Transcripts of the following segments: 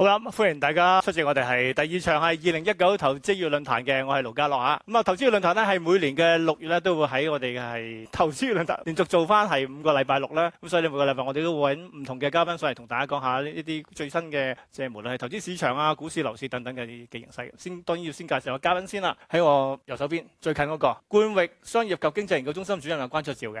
好啦，歡迎大家出席我哋係第二場係二零一九投資月論壇嘅，我係盧家樂啊。咁啊，投資月論壇呢係每年嘅六月咧都會喺我哋嘅係投資月論壇，連續做翻係五個禮拜六啦。咁所以你每個禮拜我哋都會揾唔同嘅嘉賓上嚟同大家講下呢啲最新嘅即係無論係投資市場啊、股市、樓市等等嘅嘅形勢。先當然要先介紹個嘉賓先啦，喺我右手邊最近嗰、那個冠域商業及經濟研究中心主任啊關焯照嘅。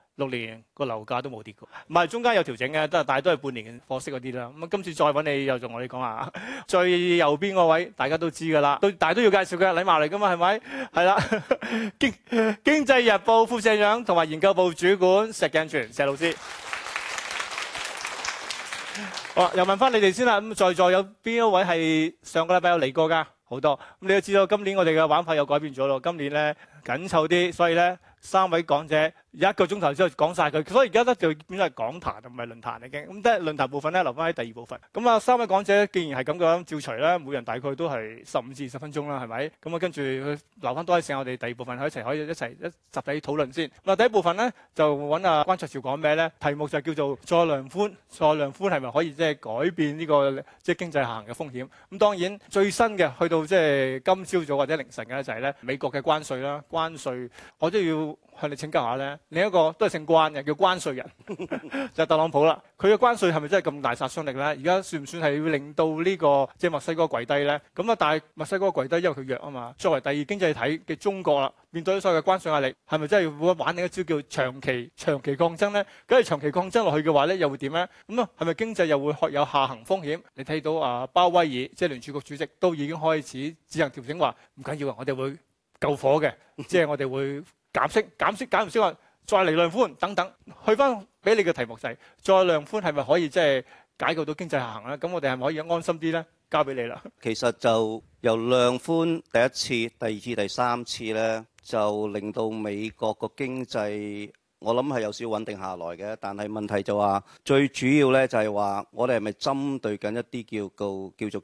六年個樓價都冇跌過，唔係中間有調整嘅，都係但係都係半年嘅貨息嗰啲啦。咁今次再揾你又仲我哋講下，最右邊嗰位大家都知㗎啦，大家都要介紹嘅禮貌嚟㗎嘛，係咪？係啦，經經濟日報副社長同埋研究部主管石鏡泉石老師。好，又問翻你哋先啦。咁在座有邊一位係上個禮拜有嚟過㗎？好多。咁你都知道今年我哋嘅玩法又改變咗咯。今年咧緊湊啲，所以咧三位講者。一個鐘頭之後講曬佢，所以而家咧就變咗係講談啊，唔係論壇嚟嘅。咁即係論壇部分咧留翻喺第二部分。咁啊，三位講者既然係咁樣，照除啦，每人大概都係十五至二十分鐘啦，係咪？咁啊，跟住留翻多啲時間，我哋第二部分喺一齊可以一齊一集體討論先。嗱，第一部分咧就揾啊關焯照講咩咧？題目就叫做再量寬，再量寬係咪可以即係改變呢個即係經濟下行嘅風險？咁當然最新嘅去到即係今朝早或者凌晨嘅咧就係咧美國嘅關稅啦，關稅我都要。向你請教一下咧，另一個都係姓關嘅，叫關稅人， 就係特朗普啦。佢嘅關稅係咪真係咁大殺傷力咧？而家算唔算係要令到呢、呢個即係、就是、墨西哥跪低咧？咁啊，但係墨西哥跪低，因為佢弱啊嘛。作為第二經濟體嘅中國啦，面對咗所有嘅關稅壓力，係咪真係會玩另一招叫長期長期抗爭咧？梗係長期抗爭落去嘅話咧，又會點咧？咁啊，係咪經濟又會學有下行風險？你睇到啊，鮑威爾即係、就是、聯儲局主席都已經開始只能調整話唔緊要啊，我哋會救火嘅，即係我哋會。減息、減息、減唔少話，再嚟量寬等等，去翻俾你嘅題目就係再量寬係咪可以即係解決到經濟下行咧？咁我哋係咪可以安心啲咧？交俾你啦。其實就由量寬第一次、第二次、第三次咧，就令到美國個經濟我諗係有少少穩定下來嘅，但係問題就話最主要咧就係話我哋係咪針對緊一啲叫叫叫做。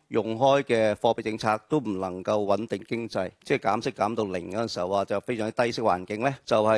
用開嘅貨幣政策都唔能夠穩定經濟，即係減息減到零嗰陣時候，話就非常低息環境咧，就係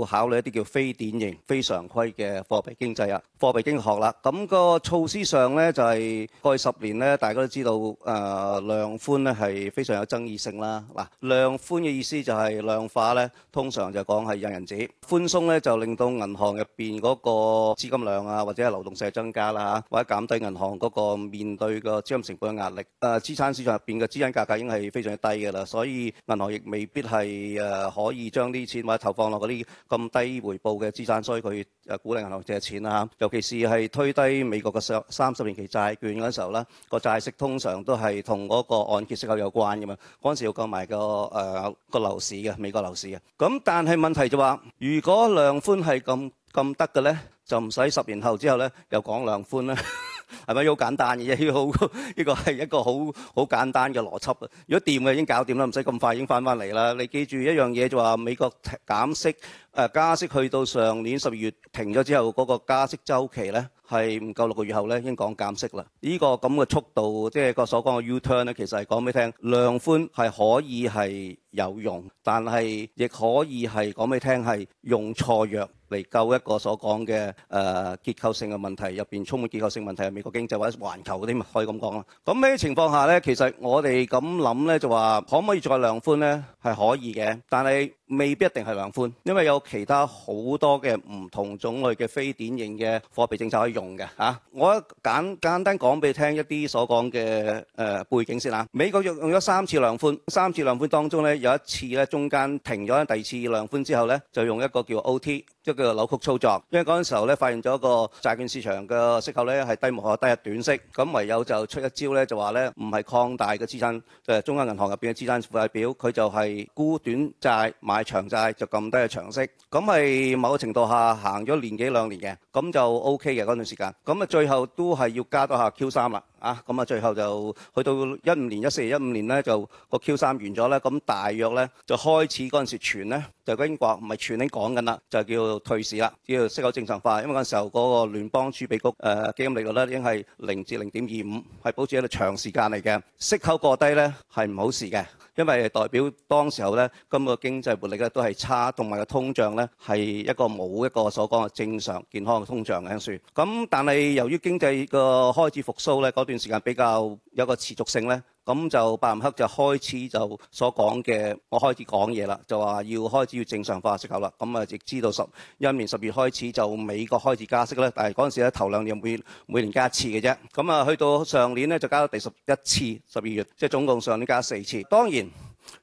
要考慮一啲叫非典型、非常規嘅貨幣經濟啊、貨幣經濟學啦。咁個措施上咧，就係過去十年咧，大家都知道誒量寬咧係非常有爭議性啦。嗱，量寬嘅意思就係量化咧，通常就講係印銀紙，寬鬆咧就令到銀行入邊嗰個資金量啊，或者係流動性增加啦，吓，或者減低銀行嗰個面對個資金成本嘅壓力。誒資產市場入邊嘅資產價格已經係非常之低嘅啦，所以銀行亦未必係誒可以將啲錢或者投放落嗰啲咁低回報嘅資產，所以佢誒鼓勵銀行借錢啦。尤其是係推低美國嘅三十年期債券嗰時候咧，個債息通常都係同嗰個按揭息口有關嘅嘛。嗰陣時要救埋個誒、呃、個樓市嘅美國樓市嘅。咁但係問題就話、是，如果量寬係咁咁得嘅咧，就唔使十年後之後咧又講量寬啦。 係咪好簡單嘅啫？呢個係一個好好簡單嘅邏輯。如果掂嘅已經搞掂啦，唔使咁快已經返返嚟啦。你記住一樣嘢就係美國減息。誒加息去到上年十二月停咗之後，嗰、那個加息周期咧係唔夠六個月後咧，已經講減息啦。呢、這個咁嘅速度，即係個所講嘅 U-turn 咧，其實係講俾你聽量寬係可以係有用，但係亦可以係講俾你聽係用錯藥嚟救一個所講嘅誒結構性嘅問題入邊充滿結構性問題嘅美國經濟或者環球嗰啲，咪可以咁講啦。咁呢啲情況下咧，其實我哋咁諗咧，就話可唔可以再量寬咧？係可以嘅，但係。未必一定係量寬，因為有其他好多嘅唔同種類嘅非典型嘅貨幣政策可以用嘅。我簡，簡單講畀你聽一啲所講嘅、呃、背景先。美國用用咗三次量寬，三次量寬當中呢有一次呢中間停咗，第二次量寬之後呢就用一個叫 OT。即係叫扭曲操作，因為嗰陣時候咧發現咗個債券市場嘅息口咧係低無可低入短息，咁唯有就出一招咧就話咧唔係擴大嘅資產係、就係、中央銀行入面嘅資產負債表，佢就係沽短債買長債，就咁低嘅長息，咁係某個程度下行咗年幾兩年嘅，咁就 O K 嘅嗰段時間，咁啊最後都係要加多下 Q 三啦。啊，咁啊，最後就去到一五年、一四年、一五年咧，就、個 Q 三完咗咧，咁大約咧就開始嗰陣時傳咧，就已經話唔係傳，已經講緊啦，就叫退市啦，叫息口正常化。因為嗰陣時候嗰個聯邦儲備局誒基金利率咧已經係零至零點二五，係保持喺度長時間嚟嘅。息口過低咧係唔好事嘅，因為代表當時候咧今個經濟活力咧都係差，同埋個通脹咧係一個冇一個所講嘅正常健康嘅通脹嘅樣子。咁但係由於經濟個開始復甦咧，段時間比較有個持續性呢，咁就白雲克就開始就所講嘅，我開始講嘢啦，就話要開始要正常化息口啦。咁啊，亦知道十一年十月開始就美國開始加息呢。但係嗰陣時咧頭兩年每每年加一次嘅啫。咁啊，去到上年呢，就加咗第十一次十二月，即係總共上年加四次。當然，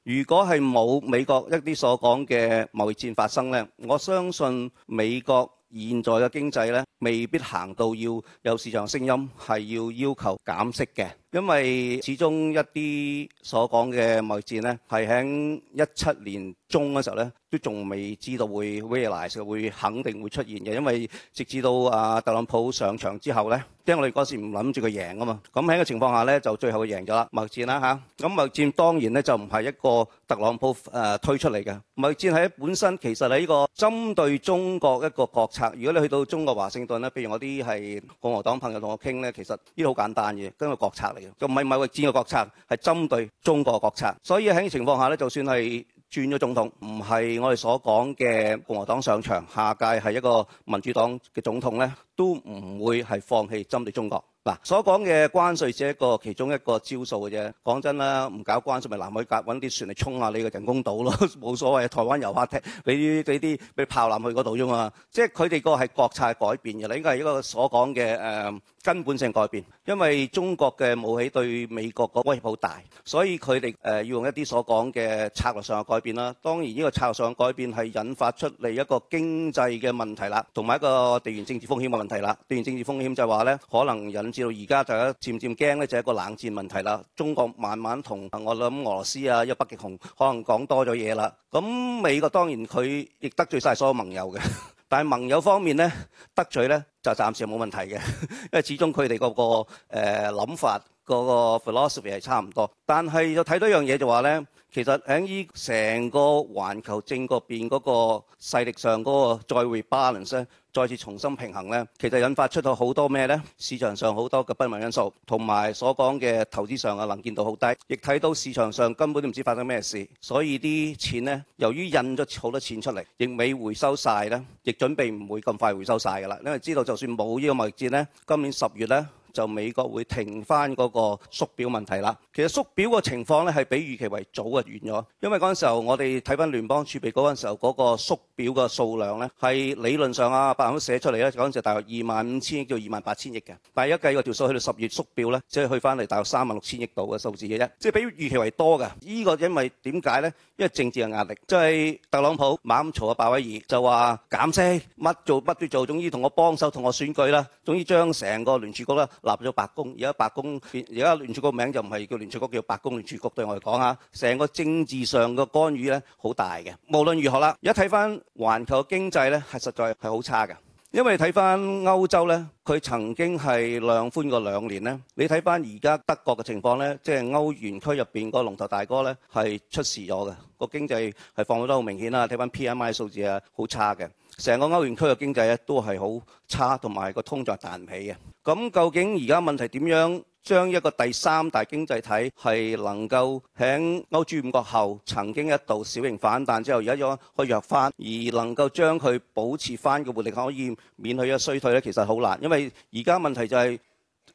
如果係冇美國一啲所講嘅貿易戰發生呢，我相信美國。現在嘅經濟未必行到要有市場聲音，係要要求減息嘅，因為始終一啲所講嘅貿易戰咧，係喺一七年。中嘅時候咧，都仲未知道會 realise 會肯定會出現嘅，因為直至到啊特朗普上場之後咧，因為我哋嗰時唔諗住佢贏啊嘛。咁喺個情況下咧，就最後佢贏咗啦。貿戰啦嚇，咁貿戰當然咧就唔係一個特朗普誒推出嚟嘅貿戰，係本身其實係呢個針對中國一個國策。如果你去到中國華盛頓咧，譬如我啲係共和黨朋友同我傾咧，其實呢度好簡單嘅，咁個國策嚟嘅，就唔係唔係貿戰嘅國策，係針對中國嘅國策。所以喺個情況下咧，就算係。轉咗總統，唔係我哋所講嘅共和黨上場，下屆係一個民主黨嘅總統咧，都唔會係放棄針對中國。嗱，所講嘅關稅只係一個其中一個招數嘅啫。講真啦，唔搞關稅咪南海隔揾啲船嚟衝下你嘅人工島咯，冇所謂。台灣遊客踢你，你啲俾炮艦去嗰度啫嘛。即係佢哋個係國策改變嘅你，應該係一個所講嘅誒。根本性改變，因為中國嘅武器對美國嘅威脅好大，所以佢哋誒要用一啲所講嘅策略上嘅改變啦。當然呢個策略上嘅改變係引發出嚟一個經濟嘅問題啦，同埋一個地緣政治風險嘅問題啦。地緣政治風險就係話咧，可能引致到而家就係漸漸驚咧，就係一個冷戰問題啦。中國慢慢同我諗俄羅斯啊，一個北極熊可能講多咗嘢啦。咁美國當然佢亦得罪晒所有盟友嘅。但係盟友方面呢，得罪呢就暫時冇問題嘅，因為始終佢哋嗰個誒諗法嗰個 philosophy 係差唔多，但係又睇到一樣嘢就話係呢。其實喺依成個環球政局邊嗰個勢力上嗰個再會 balance 再次重新平衡呢，其實引發出咗好多咩呢？市場上好多嘅不明因素，同埋所講嘅投資上嘅能見度好低，亦睇到市場上根本都唔知發生咩事，所以啲錢呢，由於印咗好多錢出嚟，亦未回收晒呢，亦準備唔會咁快回收晒㗎啦。因為知道就算冇呢個貿易戰呢，今年十月呢。就美國會停翻嗰個縮表問題啦。其實縮表個情況咧係比預期為早嘅完咗，因為嗰陣時候我哋睇翻聯邦儲備局嗰陣時候嗰個縮表個數量咧，係理論上啊白文寫出嚟咧講就大概二萬五千億到二萬八千億嘅，但係一計個條數去到十月縮表咧，即係去翻嚟大概三萬六千億度嘅數字嘅啫，即係比預期為多嘅。呢個因為點解咧？因為政治嘅壓力，即係特朗普猛嘈啊，鮑威爾就話減息，乜做乜都做，總之同我幫手，同我選舉啦，總之將成個聯儲局啦。立咗白宮，而家白宮而家聯儲局名就唔係叫聯儲局，叫白宮聯儲局。對我嚟講啊，成個政治上嘅干預咧好大嘅。無論如何啦，而家睇翻環球經濟咧，係實在係好差嘅。因為你睇翻歐洲咧，佢曾經係量寬過兩年咧。你睇翻而家德國嘅情況咧，即係歐元區入邊個龍頭大哥咧，係出事咗嘅。個經濟係放緩得好明顯啦，睇翻 PMI 數字啊，好差嘅。成個歐元區嘅經濟咧都係好差，同埋個通脹彈唔起嘅。咁究竟而家問題點樣將一個第三大經濟體係能夠喺歐豬五國後曾經一度小型反彈之後，而家又去弱翻，而能夠將佢保持翻嘅活力，可以免佢嘅衰退咧，其實好難，因為而家問題就係、是。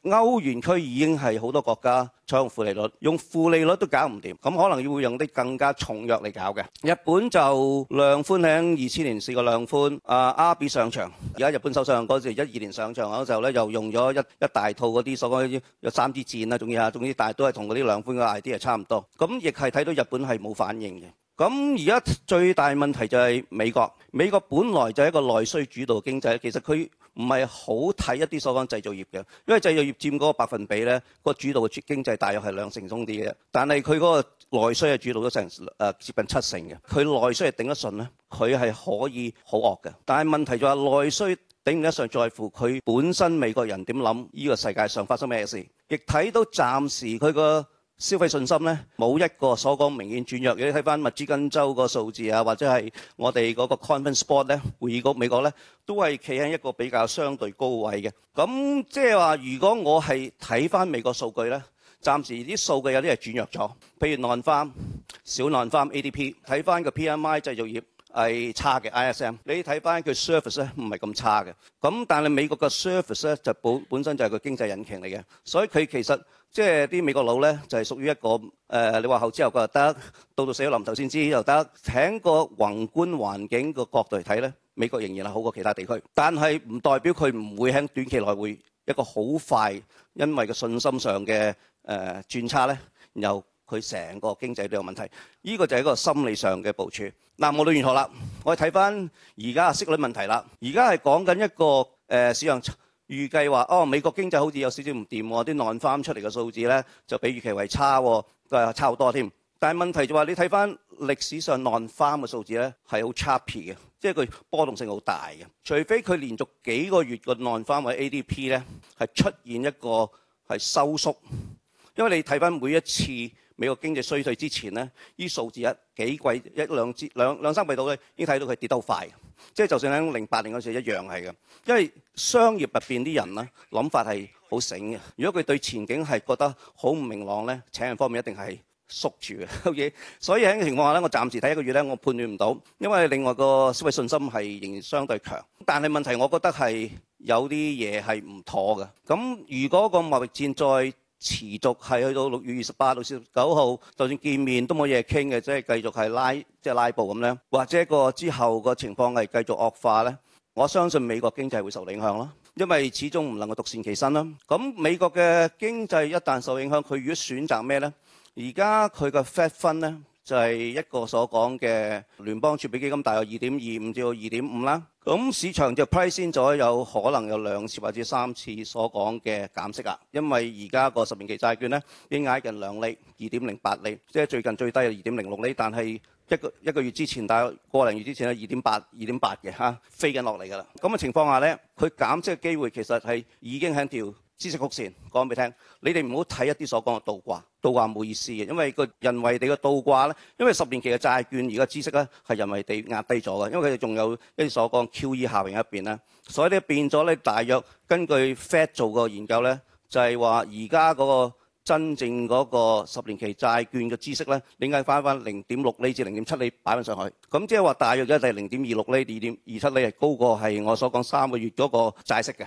歐元區已經係好多國家採用負利率，用負利率都搞唔掂，咁可能要會用啲更加重藥嚟搞嘅。日本就量寬喺二千年試過量寬，啊安倍上場，而家日本首相嗰時一二年上場嗰時候呢，又用咗一,一大套嗰啲所謂有三支箭啊，總之大，都係同嗰啲量寬嘅 idea 係差唔多，咁亦係睇到日本係冇反應嘅。咁而家最大問題就係美國，美國本來就係一個內需主導經濟，其實佢唔係好睇一啲所講製造業嘅，因為製造業佔嗰個百分比咧，嗰個主導嘅經濟大約係兩成中啲嘅，但係佢嗰個內需係主導咗成誒接近七成嘅，佢內需係頂得順咧，佢係可以好惡嘅，但係問題就係內需頂唔得上，在乎佢本身美國人點諗呢個世界上發生咩事，亦睇到暫時佢個消費信心咧冇一個所講明顯轉弱嘅，你睇返密歇根州個數字啊，或者係我哋嗰個 Conference Board 呢會議局美國呢，都係企喺一個比較相對高位嘅。咁即係話，如果我係睇返美國數據呢，暫時啲數據有啲係轉弱咗，譬如非農、小非農、ADP，睇返個 PMI 製造業。係差嘅，ISM。你睇翻佢 service 不唔係咁差嘅。但係美國嘅 service 就本本身就係個經濟引擎嚟嘅。所以佢其實即係啲美國佬呢，就係屬於一個、呃、你話後知後覺又得到，到到死咗臨頭先知道又得。喺個宏觀環境個角度嚟睇呢，美國仍然係好過其他地區。但係唔代表佢唔會喺短期內會一個好快，因為個信心上嘅誒、呃、轉差咧，然後佢成個經濟都有問題，呢、這個就係一個心理上嘅部署。嗱、啊，無論如何啦，我哋睇翻而家息率問題啦。而家係講緊一個誒、呃、市場預計話，哦，美國經濟好似有少少唔掂，啲 non-farm 出嚟嘅數字呢就比預期為差，都、哦、誒差好多添。但係問題就話、是、你睇翻歷史上 non-farm 嘅數字呢係好 choppy 嘅，即係佢波動性好大嘅。除非佢連續幾個月個 non-farm 位 A D P 呢係出現一個係收縮，因為你睇翻每一次。美國經濟衰退之前咧，呢數字一幾季一兩兩兩兩三倍到咧，已經睇到佢跌得好快。即係就算喺零八年嗰時一樣係咁，因為商業入面啲人咧諗法係好醒嘅。如果佢對前景係覺得好唔明朗咧，請人方面一定係縮住嘅嘢。所以喺呢個情況下咧，我暫時睇一個月咧，我判斷唔到，因為另外個消費信心係仍然相對強。但係問題，我覺得係有啲嘢係唔妥嘅。咁如果個貿易戰再持續係去到六月二十八、二十九號，就算見面都冇嘢傾嘅，即係繼續係拉即係、即係、拉布咁呢？或者個之後個情況係繼續惡化呢？我相信美國經濟會受影響咯，因為始終唔能夠獨善其身啦。咁美國嘅經濟一旦受影響，佢如果選擇咩呢？而家佢個 Fed Fund 呢？就係一個所講嘅聯邦儲備基金大約二點二五至到二點五啦。咁市場就 price 先咗，有可能有兩次或者三次所講嘅減息啦。因為而家個十年期債券咧，已經挨近兩厘，二點零八厘，即係最近最低有二點零六厘。但係一個一個月之前，大約個零月之前係二點八，二點八嘅嚇，啊、飛緊落嚟㗎啦。咁嘅情況下咧，佢減息嘅機會其實係已經喺調。知識曲線講畀你聽，你哋唔好睇一啲所講嘅倒掛，倒掛冇意思嘅，因為人為地嘅倒掛呢，因為十年期嘅債券而家知識呢係人為地壓低咗嘅，因為佢哋仲有一啲所講 QE 效應入面咧，所以呢變咗大約根據 Fed 做個研究呢，就係話而家嗰個。真正嗰個十年期債券嘅孳息呢，你計翻翻零點六釐至零點七釐擺翻上去，咁即係話大約咧就係零點二六釐、二點二七釐係高過係我所講三個月嗰個債息嘅，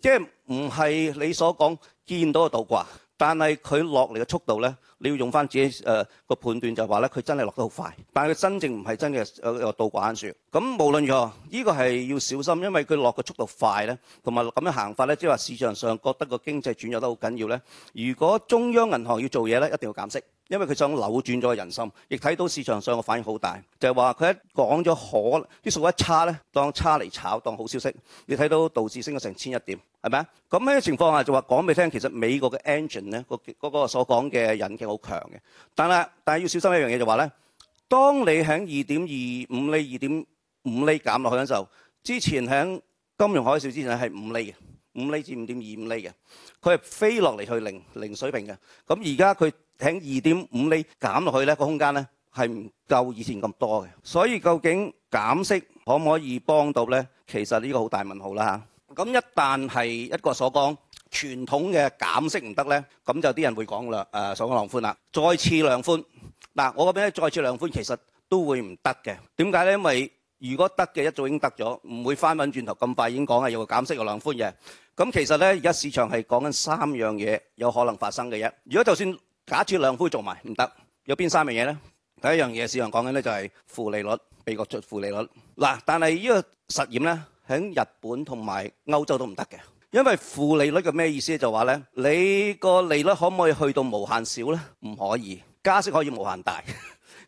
即係唔係你所講見到嘅倒掛。但係佢落嚟嘅速度呢，你要用返自己誒個判斷，就話呢，佢真係落得好快，但係佢真正唔係真嘅誒倒掛線樹。咁無論如何，呢個係要小心，因為佢落嘅速度快呢，同埋咁樣的行法呢。即係話市場上覺得個經濟轉弱得好緊要呢。如果中央銀行要做嘢呢，一定要減息。因為佢想扭轉咗人心，亦睇到市場上嘅反應好大，就係話佢一講咗可啲數一差咧，當差嚟炒，當好消息。你睇到導致升咗成千一點，係咪啊？咁呢個情況下就話講俾你聽，其實美國嘅 engine 咧，個嗰個所講嘅引擎好強嘅。但係但係要小心一樣嘢，就話咧，當你喺二點二五厘、二點五厘減落去嘅時候，之前喺金融海嘯之前係五厘嘅。嘅。五厘至五點二五厘嘅，佢係飛落嚟去零零水平嘅。咁而家佢喺二點五厘減落去咧，個空間咧係唔夠以前咁多嘅。所以究竟減息可唔可以幫到咧？其實呢個好大問號啦嚇。咁一旦係一個所講傳統嘅減息唔得咧，咁就啲人會講啦。誒，所講量寬啦，再次量寬。嗱，我覺得再次量寬其實都會唔得嘅。點解咧？因為如果得嘅一早已經得咗，唔會返返轉頭咁快已經講係要減息、要量寬嘅。咁其實咧，而家市場係講緊三樣嘢有可能發生嘅嘢。如果就算假設量寬做埋唔得，有邊三樣嘢咧？第一樣嘢，市場講緊咧就係負利率，美國出負利率。嗱，但係呢個實驗咧，喺日本同埋歐洲都唔得嘅，因為負利率嘅咩意思？就話咧，你個利率可唔可以去到無限少咧？唔可以，加息可以無限大。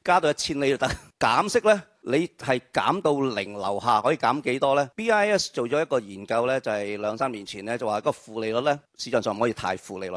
加到一千你就得，減息咧，你係減到零樓下可以減幾多咧？BIS 做咗一個研究咧，就係、是、兩三年前咧，就話個負利率咧，市場上唔可以太負利率，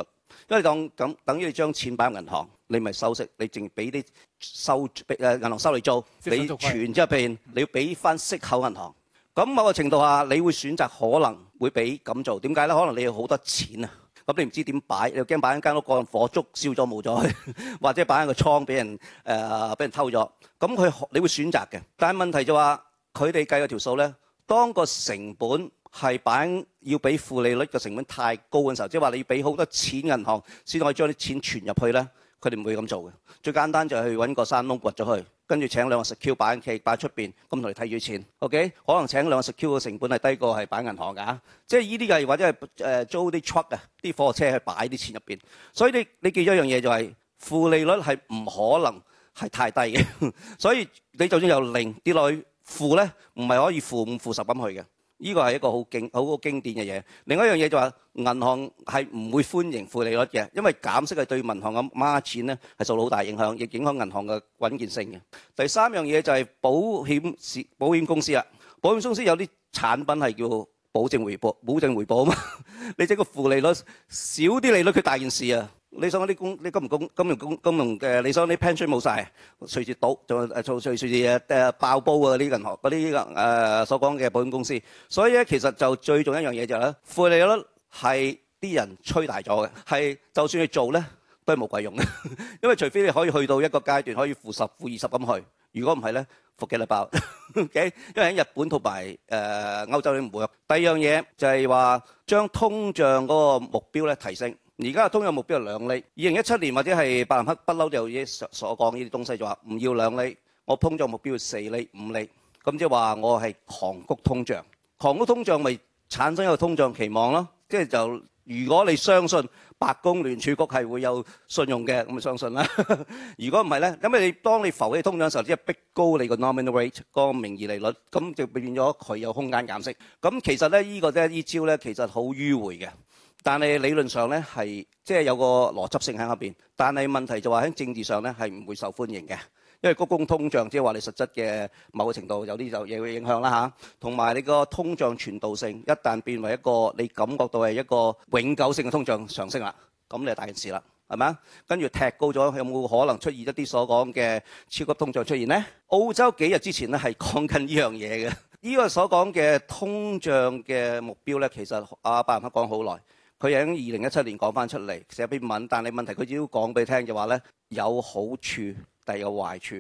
因為當咁等於你將錢擺入銀行，你咪收息，你淨俾啲收誒銀、啊、行收你做，你存入邊，你要俾翻息口銀行。咁、嗯、某個程度下，你會選擇可能會俾咁做，點解咧？可能你要好多錢啊！咁你唔知點擺，你又驚擺喺間屋個火燭燒咗冇咗，或者擺喺個倉俾人、呃、俾人偷咗。咁佢你會選擇嘅，但係問題就話佢哋計嗰條數咧，當個成本係擺要俾負利率嘅成本太高嘅時候，即係話你要俾好多錢銀行先可以將啲錢存入去咧。佢哋唔會咁做嘅，最簡單就係去揾個山窿掘咗佢，跟住請兩個食 Q 板，企擺出邊，咁同佢睇住錢。OK，可能請兩個食 Q 嘅成本係低過係擺銀行㗎，即係依啲嘅，或者係誒租啲 truck 啊，啲貨車去擺啲錢入邊。所以你你記咗一樣嘢就係，負利率係唔可能係太低嘅，所以你就算由零跌落去負呢，唔係可以負五負十噉去嘅。依個係一個好經好個經典嘅嘢，另外一樣嘢就話銀行係唔會歡迎負利率嘅，因為減息係對銀行嘅 Margin 咧係受到好大影響，亦影響銀行嘅穩健性嘅。第三樣嘢就係保險司保險公司啦，保險公司有啲產品係叫保證回報，保證回報啊嘛，你整個負利率少啲利率，佢大件事啊！你想啲金，你金金金融金金融嘅，你想啲 pension 冇曬，隨住倒仲誒隨隨住誒爆煲啊！啲銀行嗰啲誒所講嘅保險公司，所以咧其實就最重要一樣嘢就係咧，負利率係啲人吹大咗嘅，係就算你做咧都係冇鬼用嘅，因為除非你可以去到一個階段可以負十、負二十咁去，如果唔係咧，伏幾粒爆，因為喺日本同埋誒歐洲都唔會有。第二樣嘢就係話將通脹嗰個目標咧提升。而家嘅通脹目標係兩釐，二零一七年或者係白蘭克不嬲就嘢所講呢啲東西就話唔要兩釐，我通脹目標四釐五釐，咁即係話我係狂谷通脹，狂谷通脹咪產生一個通脹期望咯，即係就如果你相信白宮聯儲局係會有信用嘅，咁咪相信啦。如果唔係咧，咁你當你浮起通脹時候，即係逼高你個 nominal rate，個名義利率，咁就變咗佢有空間減息。咁其實咧呢個咧呢招咧其實好迂迴嘅。但係理論上咧係即係有個邏輯性喺下邊，但係問題就話喺政治上咧係唔會受歡迎嘅，因為高工通脹即係話你實質嘅某個程度有啲就嘢會影響啦嚇，同埋你個通脹傳導性一旦變為一個你感覺到係一個永久性嘅通脹上升啦，咁你係大件事啦，係咪啊？跟住踢高咗，有冇可能出現一啲所講嘅超級通脹出現咧？澳洲幾日之前咧係講緊呢樣嘢嘅，呢個所講嘅通脹嘅目標咧，其實伯南克講好耐。佢喺二零一七年講翻出嚟寫篇文，但係問題佢只要講俾聽就話咧有好處，但有壞處。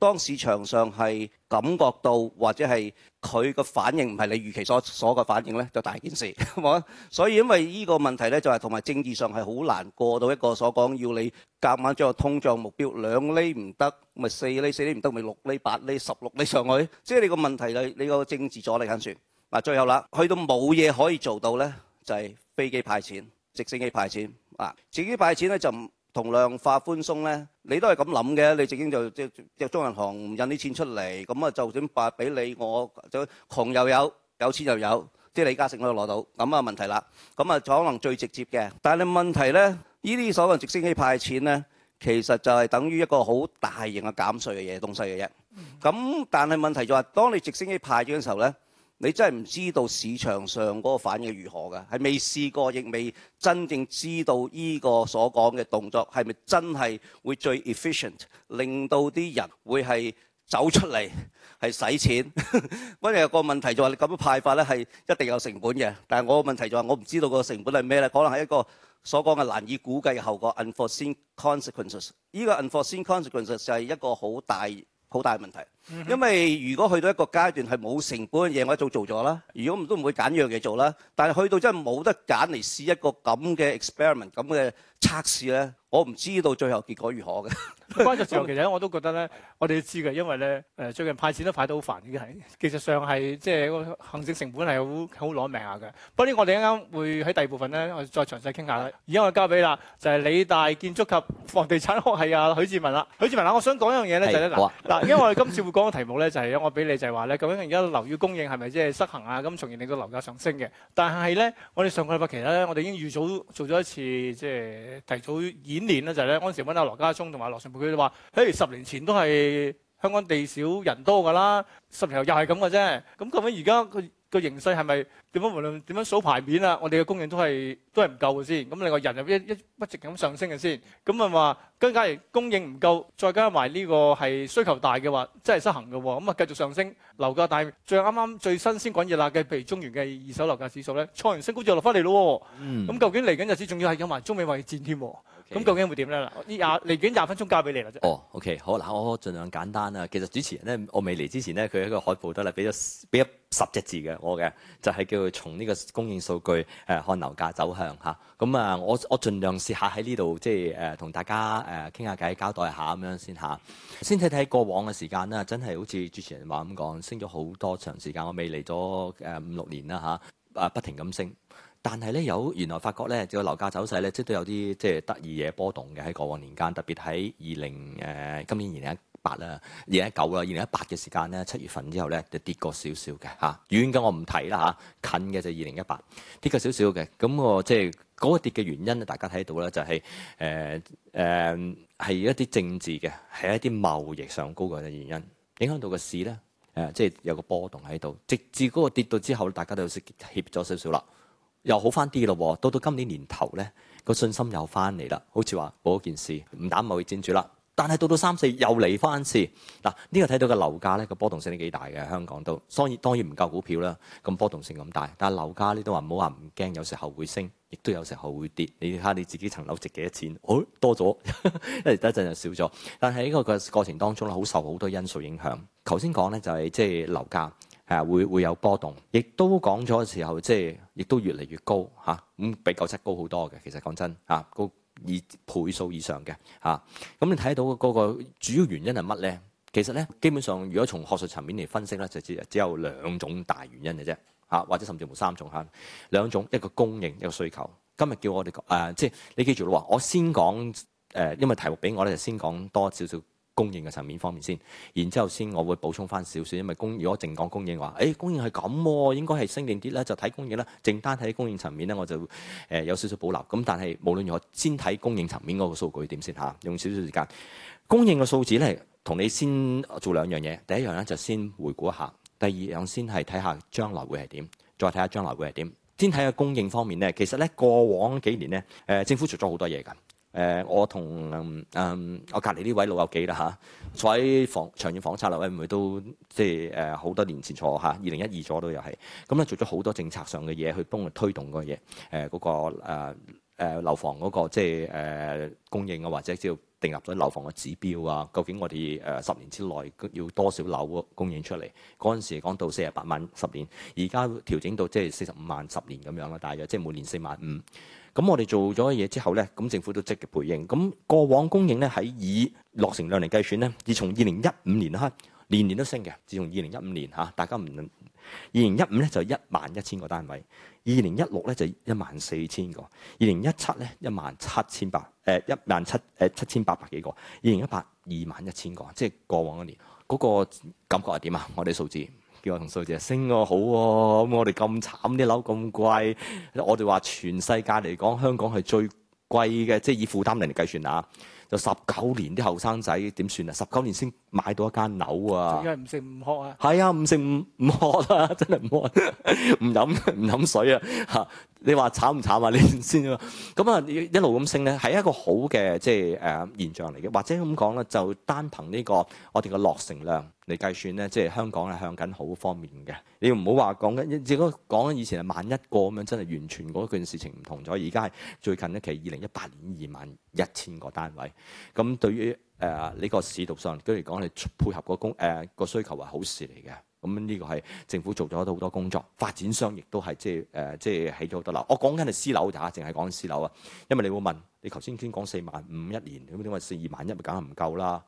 當市場上係感覺到或者係佢個反應唔係你預期所所個反應咧，就大件事。我所以因為呢個問題咧就係同埋政治上係好難過到一個所講要你夾硬將個通脹目標兩厘唔得，咪四厘、四厘唔得，咪六厘、八厘、十六厘上去。即係你個問題就你個政治阻力緊算。嗱，最後啦，去到冇嘢可以做到咧，就係。飛機派錢，直升機派錢，啊，自己派錢咧就同量化寬鬆咧，你都係咁諗嘅，你直接就即係即係中銀行印啲錢出嚟，咁啊就點派俾你我？窮又有，有錢又有，啲李嘉誠都攞到，咁啊問題啦，咁啊可能最直接嘅，但係問題咧，呢啲所謂直升機派錢咧，其實就係等於一個好大型嘅減稅嘅嘢東西嘅啫。咁但係問題就係，當你直升機派咗嘅時候咧。你真係唔知道市場上嗰個反應如何㗎？係未試過，亦未真正知道呢個所講嘅動作係咪是是真係會最 efficient，令到啲人會係走出嚟係使錢。不 過有個問題就係、是、你咁樣派發咧，係一定有成本嘅。但係我個問題就係、是、我唔知道呢個成本係咩咧？可能係一個所講嘅難以估計嘅後果 （unforeseen consequences）。呢個 unforeseen consequences 就係一個好大。好大問題，因為如果去到一個階段係冇成本嘅嘢，我一早做做咗啦；如果都唔會揀一樣嘢做啦。但係去到真係冇得揀嚟試一個咁嘅 experiment、咁嘅測試呢，我唔知道最後結果如何嘅。 關注上其實我都覺得咧，我哋知嘅，因為咧，誒最近派錢都派得好煩嘅係，其實上係即係行政成本係好好攞命下嘅。不過呢，我哋啱啱會喺第二部分咧，我再詳細傾下啦。而家我交俾啦，就係、是、理大建築及房地產學系阿許智文啦。許智文啦，我想講一樣嘢咧，就係咧，嗱，因為我哋今次會講嘅題目咧，就係、是、我俾你就係話咧，究竟而家樓宇供應係咪即係失衡啊？咁從而令到樓價上升嘅。但係咧，我哋上個禮拜其實咧，我哋已經預早做咗一次即係、就是、提早演練啦，就係、是、咧，當時揾下羅家聰同埋羅尚佢哋話，誒，十年前都係香港地少人多㗎啦，十年後又係咁嘅啫。咁究竟而家個個形勢係咪點樣？無論點樣數牌面啊，我哋嘅供應都係都係唔夠嘅先。咁另外人又一一一直咁上升嘅先。咁啊話，更加係供應唔夠，再加埋呢個係需求大嘅話，真係失衡嘅喎。咁啊繼續上升樓價大。最啱啱最新鮮滾熱辣嘅，譬如中原嘅二手樓價指數咧，創完新高就落翻嚟咯。嗯。咁究竟嚟緊日子仲要係有埋中美貿易戰添？咁 Okay. 究竟會點咧？呢依廿嚟緊廿分鐘交俾你啦，啫。哦，OK，好啦，我盡量簡單啦。其實主持人咧，我未嚟之前咧，佢喺個海報度啦，俾咗俾咗十隻字嘅我嘅，就係、是、叫從呢個供應數據誒看樓價走向嚇。咁啊，啊，我我盡量試下喺呢度即係誒同大家誒傾、啊、下偈，交代下咁樣先嚇、啊。先睇睇過往嘅時間啦，真係好似主持人話咁講，升咗好多長時間。我未嚟咗誒五六年啦嚇，啊不停咁升。但係咧，有原來發覺咧，個樓價走勢咧，即都有啲即係得意嘢波動嘅。喺過往年間，特別喺二零誒今年二零一八啦，二零一九啦，二零一八嘅時間咧，七月份之後咧就跌過少少嘅嚇，遠嘅我唔提啦嚇，近嘅就二零一八跌過少少嘅，咁，咁我即係嗰、嗰個跌嘅原因咧，大家睇到咧就係誒誒係一啲政治嘅係一啲貿易上高嘅原因影響到個市咧誒、啊，即係有個波動喺度，直至嗰個跌到之後，大家都識協咗少少啦。又好翻啲咯，到到今年年頭咧，個信心又翻嚟啦。好似話嗰件事唔打貿易戰住啦，但係到到三四又嚟翻次。嗱，呢個睇到嘅樓價咧，個波動性都幾大嘅香港都，當然當然唔夠股票啦，咁波動性咁大。但係樓價呢都話唔好話唔驚，有時候會升，亦都有時候會跌。你睇下你自己層樓值幾多錢，好、哦、多咗，一陣就少咗。但係呢個過過程當中咧，好受好多因素影響。頭先講呢，就係即係樓價。係啊，會會有波動，亦都講咗嘅時候，即係亦都越嚟越高嚇，咁比九七高好多嘅。其實講真嚇，高以倍數以上嘅嚇。咁、啊、你睇到嗰個主要原因係乜咧？其實咧，基本上如果從學術層面嚟分析咧，就只只有兩種大原因嘅啫嚇，或者甚至乎三種嚇。兩種，一個供應，一個需求。今日叫我哋誒、呃，即係你記住啦喎，話我先講誒、呃，因為題目俾我咧，就先講多少少。供應嘅層面方面先，然之後先我會補充翻少少，因為供如果淨講供應嘅話，誒、哎、供應係咁、啊，應該係升勁啲咧，就睇供應啦。淨單睇供應層面咧，我就誒、呃、有少少保留。咁但係無論如何，先睇供應層面嗰個數據點先嚇，用少少時間。供應嘅數字咧，同你先做兩樣嘢。第一樣咧就先回顧一下，第二樣先係睇下將來會係點，再睇下將來會係點。先睇下供應方面咧，其實咧過往幾年咧，誒、呃、政府做咗好多嘢㗎。誒、嗯，我同誒、嗯、我隔離呢位老友記啦嚇，坐喺房長遠房策那位，唔會都即係誒好多年前坐嚇，二零一二左右又係，咁咧做咗好多政策上嘅嘢去幫佢推動個嘢，誒嗰個誒誒樓房嗰個即係誒供應啊，或者只要訂立咗樓房嘅指標啊，究竟我哋誒十年之內要多少樓供應出嚟？嗰陣時講到四十八萬十年，而家調整到即係四十五萬十年咁樣啦，大約即係每年四萬五。咁我哋做咗嘢之後呢，咁政府都積極回應。咁過往供應呢，喺以落成量嚟計算呢，自從二零一五年開，年年都升嘅。自從二零一五年大家唔能。二零一五呢，就一萬一千個單位，二零一六呢，就一萬四千個，二零一七呢，一萬七千八，誒一萬七誒七千八百幾個，二零一八二萬一千個，即係過往一年嗰、嗰個感覺係點啊？我哋數字。叫我同蘇姐升哦、啊，好哦、啊，我哋咁慘啲樓咁貴，我哋話全世界嚟講，香港係最貴嘅，即係以負擔嚟計算啊，就十九年啲後生仔點算啊？十九年先。買到一間樓啊！仲要係唔食唔喝啊！係啊，唔食唔唔喝啦、啊，真係唔渴。唔飲唔飲水啊！嚇， 你話慘唔慘啊？你先啊！咁啊，一路咁升咧，係一個好嘅即係誒、呃、現象嚟嘅。或者咁講咧，就單憑呢、這個我哋嘅落成量嚟計算咧，即係香港係向緊好方面嘅。你唔好話講緊，如果講緊以前係萬一個咁樣，真係完全嗰件事情唔同咗。而家係最近一期，二零一八年二萬一千個單位，咁對於，誒呢、呃這個市道上，跟嚟講係配合個工誒個需求係好事嚟嘅。咁、嗯、呢、這個係政府做咗好多工作，發展商亦都係即係誒即係起咗好多樓。嗱、哦，我講緊係私樓咋，淨係講私樓啊。因為你會問你頭先先講四萬五一年咁，點解四二萬一咪梗係唔夠啦？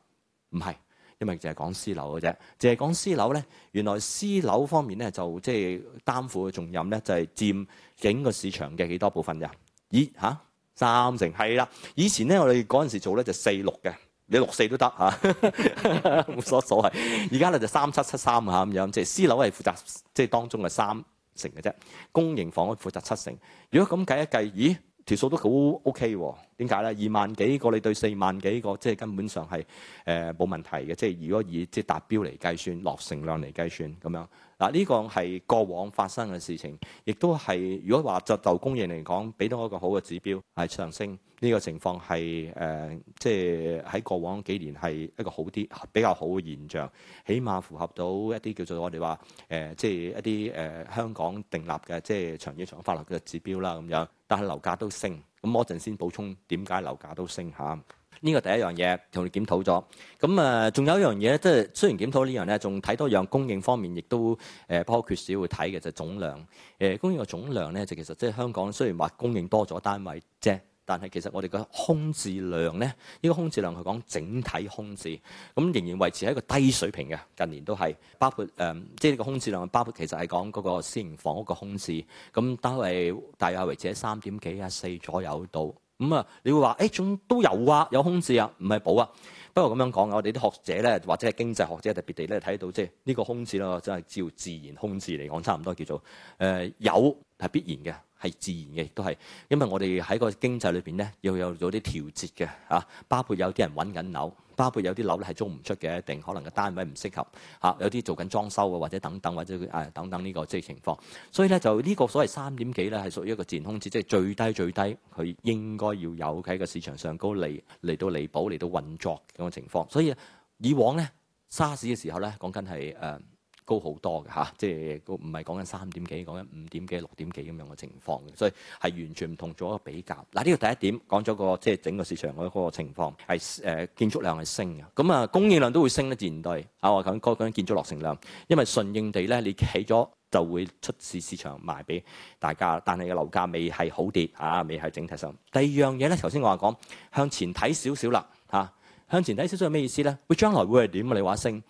唔係，因為淨係講私樓嘅啫，淨係講私樓咧。原來私樓方面咧就即係擔負嘅重任咧，就係、是、佔整個市場嘅幾多部分㗎？咦、吓、啊、三成係啦。以前咧，我哋嗰陣時做咧就四六嘅。你六四都得嚇，冇乜所謂。而家咧就三七七三嚇，咁樣，即係私樓係負責即係當中嘅三成嘅啫，公營房可以負責七成。如果咁計一計，咦條數都好 OK 喎。點解咧？二萬幾個你對四萬幾個，即係根本上係誒冇問題嘅。即係如果以即係達標嚟計算，落成量嚟計算咁樣，嗱、這、呢個係過往發生嘅事情，亦都係如果話就就供應嚟講，俾到一個好嘅指標係上升。呢、這個情況係誒即係喺過往幾年係一個好啲比較好嘅現象，起碼符合到一啲叫做我哋話誒即係一啲誒、呃、香港訂立嘅即係長遠長法律嘅指標啦咁樣。但係樓價都升。咁陣先補充點解樓價都升下呢、這個第一樣嘢同你檢討咗。咁啊，仲、呃、有一樣嘢，即係雖然檢討呢樣咧，仲睇多樣供應方面也，亦都誒不可缺少會睇嘅就係、是、總量。誒、呃、供應嘅總量咧，就其實即係香港雖然話供應多咗單位啫。但係其實我哋嘅空置量咧，呢、這個空置量係講整體空置，咁仍然維持喺一個低水平嘅，近年都係，包括誒，即係呢個空置量，包括其實係講嗰個私營房屋嘅空置，咁都係大約維持喺三點幾啊四左右度。咁啊，你會話誒，仲、哎、都有啊，有空置啊，唔係冇啊。不過咁樣講，我哋啲學者咧，或者係經濟學者特別地咧，睇到即係呢個空置咯，真係照自然空置嚟講，差唔多叫做誒、呃、有。係必然嘅，係自然嘅，亦都係，因為我哋喺個經濟裏邊咧，又有咗啲調節嘅嚇。包括有啲人揾緊樓，包括有啲樓咧係租唔出嘅，一定可能個單位唔適合嚇、啊，有啲做緊裝修嘅，或者等等，或者誒、啊、等等呢個即係情況。所以咧就呢個所謂三點幾咧，係屬於一個自然空置，即係最低最低，佢應該要有喺個市場上高嚟嚟到彌補嚟到運作咁嘅情況。所以以往呢，沙士嘅時候咧，講緊係誒。呃高好多嘅嚇，即係唔係講緊三點幾，講緊五點幾、六點幾咁樣嘅情況嘅，所以係完全唔同咗個比較。嗱，呢個第一點講咗個即係整個市場嗰個情況係誒建築量係升嘅，咁啊供應量都會升得自然對。啊，我講講緊建築落成量，因為順應地咧你起咗就會出市市場賣俾大家，但係嘅樓價未係好跌啊，未係整體上。第二樣嘢咧，頭先我話講向前睇少少啦嚇，向前睇少少係咩意思咧？會將來會係點？你話升？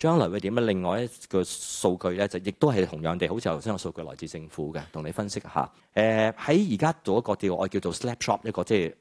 將來會點啊？另外一個數據咧，就亦都係同樣地，好似頭先個數據來自政府嘅，同你分析下，誒喺而家做一個叫我叫做 Snapshot 一個，即係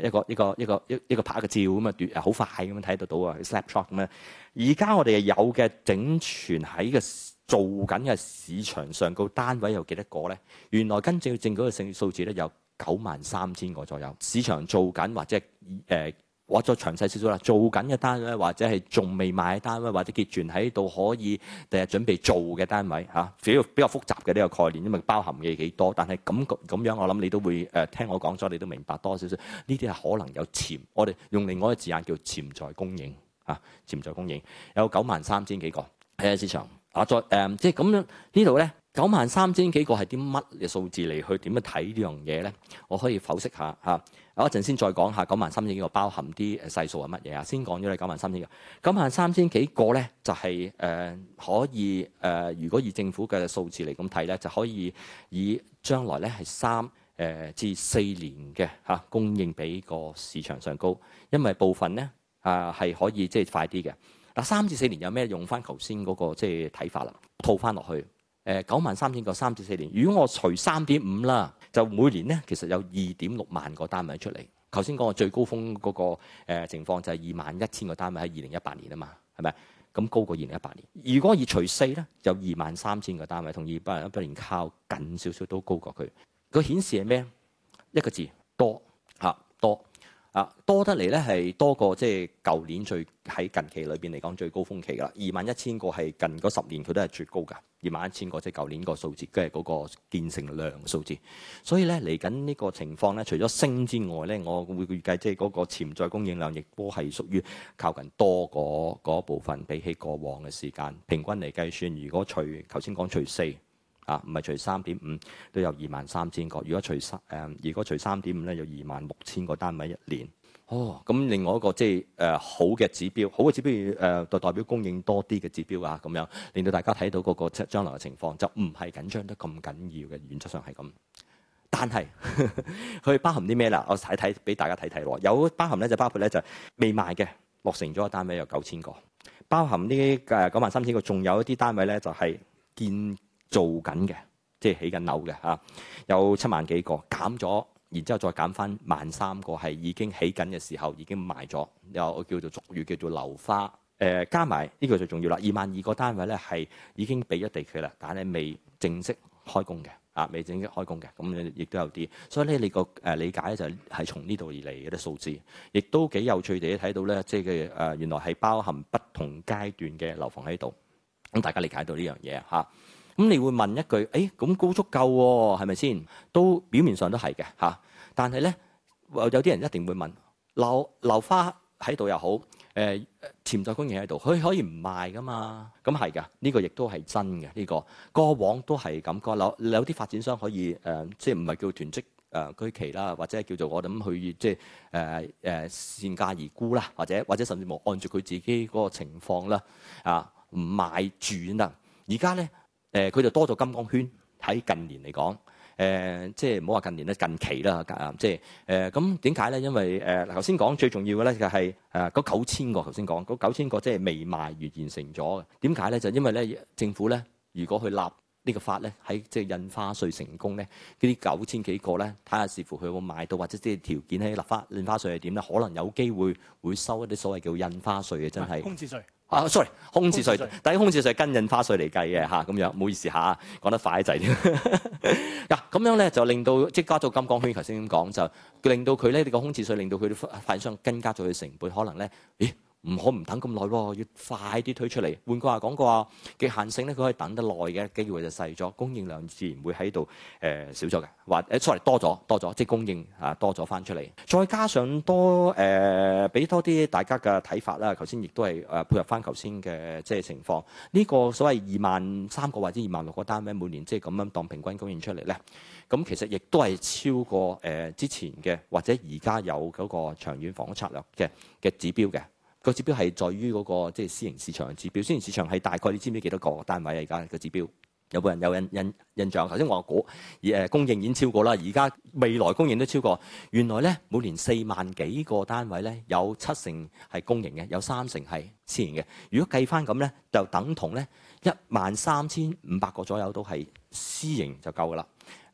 誒一個一個一個一個一個拍一個照咁啊，好快咁樣睇得到啊 Snapshot 咁啊。而家我哋有嘅整全喺嘅做緊嘅市場上嘅單位有幾多個咧？原來跟正政府嘅性數字咧有九萬三千個左右，市場做緊或者誒。呃我再詳細少少啦，做緊嘅單位或者係仲未買嘅單位，或者結轉喺度可以第日準備做嘅單位嚇，比較比較複雜嘅呢個概念，因為包含嘅幾多。但係咁咁樣，我諗你都會誒、呃、聽我講咗，你都明白多少少。呢啲係可能有潛，我哋用另外一個字眼叫潛在供應嚇，啊、潛在供應有九萬三千幾個喺市場。啊，再、呃、即係咁樣呢度咧，九萬三千幾個係啲乜嘅數字嚟？去點去睇呢樣嘢咧？我可以剖析下、啊有一陣先再講下九萬三千幾個包含啲誒細數係乜嘢啊？先講咗你九萬三千個、就是，九萬三千幾個咧就係誒可以誒、呃，如果以政府嘅數字嚟咁睇咧，就可以以將來咧係三誒至四年嘅嚇供應俾個市場上高，因為部分咧啊係可以即係快啲嘅。嗱，三至四年有咩用、那個？翻頭先嗰個即係睇法啦，套翻落去誒，九萬三千個三至四年，如果我除三點五啦。就每年咧，其實有二點六萬個單位出嚟。頭先講嘅最高峰嗰個情況就係二萬一千個單位喺二零一八年啊嘛，係咪？咁高過二零一八年。如果以除四咧，有二萬三千個單位，同二零一八年靠近少少都高過佢。佢顯示係咩？一個字多嚇多。多啊，多得嚟咧，係多過即係舊年最喺近期裏面嚟講最高峰期噶啦。二萬一千個係近嗰十年佢都係最高噶，二萬一千個即係舊年個數字係嗰、即係、個建成量數字。所以咧嚟緊呢個情況咧，除咗升之外咧，我會預計即係嗰個潛在供應量亦都係屬於靠近多嗰部分，比起過往嘅時間平均嚟計算。如果除頭先講除四。啊，唔係除三點五都有二萬三千個。如果除三誒、嗯，如果除三點五咧，有二萬六千個單位一年。哦，咁另外一個即係誒好嘅指標，好嘅指標，誒、呃、就代表供應多啲嘅指標啊。咁樣令到大家睇到嗰個即係將來嘅情況就唔係緊張得咁緊要嘅，原則上係咁。但係佢包含啲咩啦？我睇睇俾大家睇睇落，有包含咧就包括咧就未賣嘅落成咗嘅單位有九千個，包含呢誒九萬三千個，仲有一啲單位咧就係、是、建。做緊嘅，即係起緊樓嘅嚇，有七萬幾個減咗，然之後再減翻萬三個係已經起緊嘅時候已經賣咗，有叫做俗語叫做樓花。誒、呃，加埋呢、這個最重要啦，二萬二個單位咧係已經俾咗地契啦，但係未正式開工嘅啊，未正式開工嘅咁，亦都有啲。所以咧，你個誒理解咧就係係從呢度而嚟嘅啲數字，亦都幾有趣地睇到咧，即係誒、呃、原來係包含不同階段嘅樓房喺度。咁大家理解到呢樣嘢嚇。啊咁你會問一句，誒、哎、咁高足夠喎、哦，係咪先？都表面上都係嘅嚇，但係咧，有啲人一定會問，樓樓花喺度又好，誒、呃、潛在供應喺度，佢可以唔賣噶嘛？咁係嘅，呢、這個亦都係真嘅，呢、這個過往都係咁。個有有啲發展商可以誒、呃，即係唔係叫囤積誒、呃、居奇啦，或者叫做我諗去即係誒誒善價而沽啦，或者或者甚至乎按住佢自己嗰個情況啦啊，唔賣住啦，而家咧。誒佢就多咗金光圈喺近年嚟講，誒、呃、即係唔好話近年咧，近期啦，即係誒咁點解咧？因為誒嗱頭先講最重要嘅咧、呃、就係誒嗰九千個頭先講嗰九千個即係未賣完完成咗嘅。點解咧？就因為咧政府咧如果佢立呢個法咧喺即係印花稅成功咧，那些呢啲九千幾個咧睇下視乎佢有冇買到或者啲條件喺立法印花稅係點咧，可能有機會會收一啲所謂叫印花稅嘅真係空置稅。啊、ah，sorry，空置稅，但係空置稅跟印花稅嚟計嘅嚇，咁、啊、樣唔好意思嚇，講、啊、得快啲滯。嗱、 啊，咁樣咧就令到即加咗金剛圈，好似頭先咁講，就令到佢咧，你個空置稅令到佢發發展商增加咗佢成本，可能咧，咦？唔好唔等咁耐咯，要快啲推出嚟。換句話講，個話極限性咧，佢可以等得耐嘅機會就細咗，供應量自然會喺度誒少咗嘅，或誒 sorry、呃、多咗多咗，即係供應啊多咗翻出嚟。再加上多誒，俾多啲大家嘅睇法啦。頭先亦都係誒配合翻頭先嘅即係情況呢、這個所謂二萬三個或者二萬六個單位，每年即係咁樣當平均供應出嚟咧，咁其實亦都係超過誒、呃、之前嘅或者而家有嗰個長遠房屋策略嘅嘅指標嘅。個指標係在於嗰、那個即係、就是、私營市場嘅指標，私營市場係，大概你知唔知幾多個單位而家個指標？有冇人有印印印象？頭先我估，而誒供應已經超過啦，而家未來供應都超過。原來咧，每年四萬幾個單位咧，有七成係公營嘅，有三成係私營嘅。如果計翻咁咧，就等同咧一萬三千五百個左右都係私營就夠噶啦。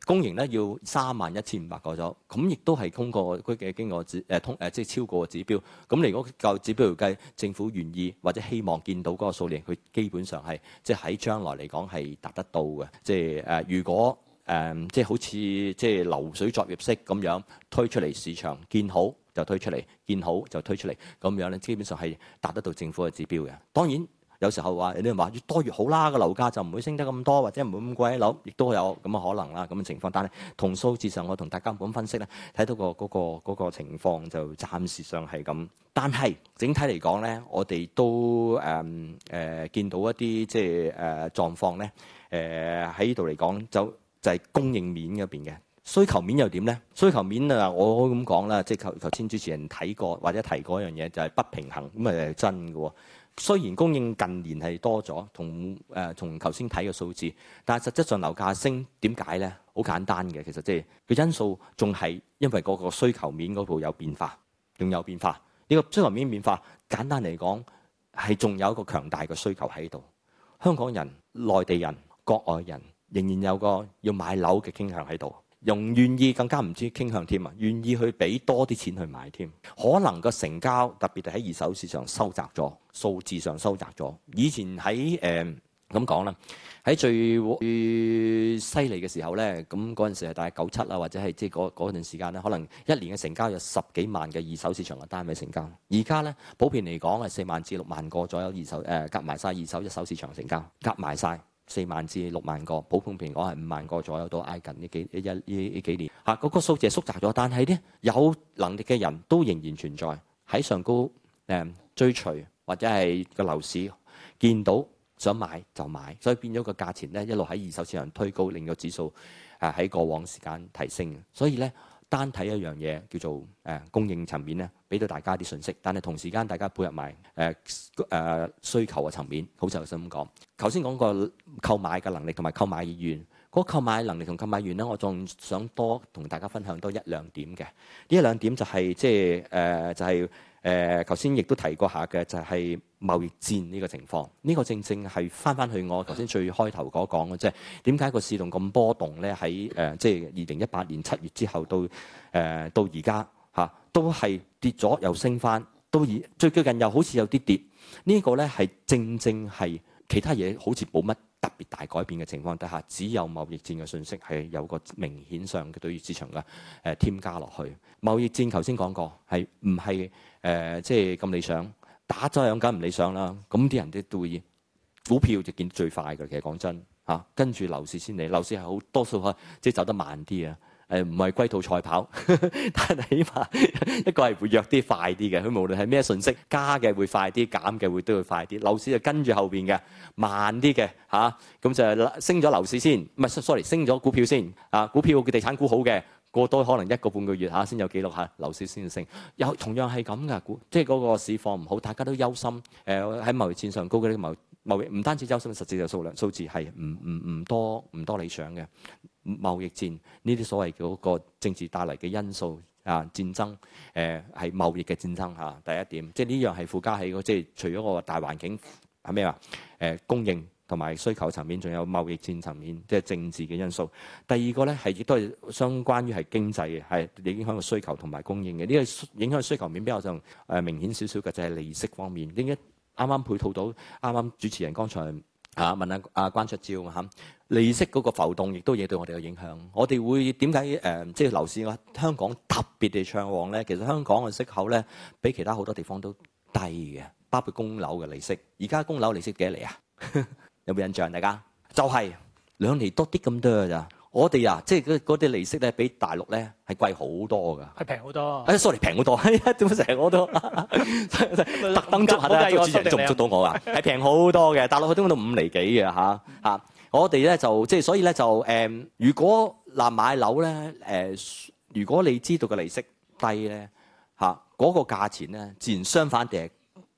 公營咧要三萬一千五百個咗，咁亦都係通過佢嘅經委指通即係超過個指標。咁你如果育指標嚟計，政府願意或者希望見到嗰個數量，佢基本上係即係喺將來嚟講係達得到嘅。即係如果即係、呃就是、好似即係流水作業式咁樣推出嚟市場，見好就推出嚟，見好就推出嚟，咁樣咧基本上係達得到政府嘅指標嘅。當然。有時候話有啲人話越多越好啦，個樓價就唔會升得咁多，或者唔會咁貴。樓亦都有咁嘅可能啦，咁嘅情況。但係同數字上，我同大家咁分析咧，睇到、個嗰、個、個情況就暫時上係咁。但係整體嚟講咧，我哋都誒誒、嗯呃、見到一啲即係誒狀況咧。誒、呃、喺呢度嚟講，就就係、是、供應面嗰邊嘅需求面又點咧？需求面啊，我咁講啦，即係求頭先主持人睇過或者提過一樣嘢，就係、是、不平衡咁啊，真嘅。雖然供應近年係多咗，同誒同頭先睇嘅數字，但係實質上樓價升點解呢？好簡單嘅，其實即係佢因素仲係因為嗰個需求面嗰度有變化，仲有變化。呢個需求面變化，簡單嚟講係仲有一個強大嘅需求喺度。香港人、內地人、國外人仍然有個要買樓嘅傾向喺度。仲願意更加唔知傾向添啊，願意去俾多啲錢去買添。可能個成交特別係喺二手市場收窄咗，數字上收窄咗。以前喺誒咁講啦，喺、呃、最犀利嘅時候呢，咁嗰陣時係大概九七啊，或者係即係嗰嗰段時間呢，可能一年嘅成交有十幾萬嘅二手市場嘅單位成交。而家呢，普遍嚟講係四萬至六萬個左右，二手誒夾埋晒二手一手市場成交夾埋晒。四萬至六萬個，普遍嚟講係五萬個左右，到挨近呢幾一呢呢幾年嚇，嗰、啊那個數字係縮窄咗，但係咧有能力嘅人都仍然存在喺上高誒、嗯、追隨，或者係個樓市見到想買就買，所以變咗個價錢咧一路喺二手市場推高，令個指數誒喺過往時間提升，所以咧。單睇一樣嘢叫做誒、呃、供應層面咧，俾到大家啲信息，但係同時間大家配合埋誒誒需求嘅層面，好就係咁講。頭先講過購買嘅能力同埋購買意願，嗰個購買能力同購買意願咧，我仲想多同大家分享多一兩點嘅。呢一兩點就係即係誒，就係、係。呃，就係誒，頭先、呃、亦都提過下嘅就係、是、貿易戰呢個情況。呢、這個正正係翻翻去我頭先最開頭嗰講嘅即係。點解個市動咁波動呢？喺誒，即係二零一八年七月之後到誒、呃、到而家嚇都係跌咗又升翻，都以最最近又好似有啲跌呢、這個呢係正正係其他嘢好似冇乜特別大改變嘅情況底下，只有貿易戰嘅信息係有個明顯上對於市場嘅誒、呃、添加落去貿易戰。頭先講過係唔係？誒、呃，即係咁理想，打咗兩間唔理想啦。咁啲人啲都意，股票就見最快嘅。其實講真、啊，跟住樓市先嚟，樓市係好多數即係走得慢啲啊。唔係龜兔賽跑，呵呵但係起碼一個係會弱啲、快啲嘅。佢無論係咩信息，加嘅會快啲，減嘅會都會快啲。樓市就跟住後面嘅慢啲嘅咁就升咗樓市先。唔係，sorry，升咗股票先啊。股票嘅地產股好嘅。過多可能一個半個月嚇先有記錄嚇，樓市先升。同樣係咁噶，即係嗰個市況唔好，大家都憂心。誒喺貿易戰上高嗰啲貿貿易，唔單止憂心，實際個數量數字係唔唔唔多唔多理想嘅。貿易戰呢啲所謂嗰個政治帶嚟嘅因素啊，戰爭誒係貿易嘅戰爭嚇。第一點，即係呢樣係附加喺個即係除咗個大環境係咩啊？誒供應同埋需求層面，仲有貿易戰層面，即係政治嘅因素。第二個咧，係亦都係相關於係經濟嘅，係影響個需求同埋供應嘅。呢個影響需求面比較就誒明顯少少嘅，就係利息方面。啱啱配套到，啱啱主持人剛才啊問阿阿關焯照嚇，利息嗰個浮動亦都嘢對我哋有影響。我哋會點解誒即係樓市嘅香港特別地暢旺咧？其實香港嘅息口咧，比其他好多地方都低嘅，包括供樓嘅利息。而家供樓利息幾多釐啊？ 有冇印象？大家就係兩厘多啲咁多咋？我哋啊，即係嗰啲利息咧，比大陸咧係貴好多噶，係平好多。係 sorry，平好多。點解成日我都特登捉下咧？做主持人仲捉到我啊？係平好多嘅，大陸佢都到五厘幾嘅吓，嚇。我哋咧就即係所以咧就誒，如果嗱買樓咧誒，如果你知道嘅利息低咧嚇，嗰個價錢咧自然相反地係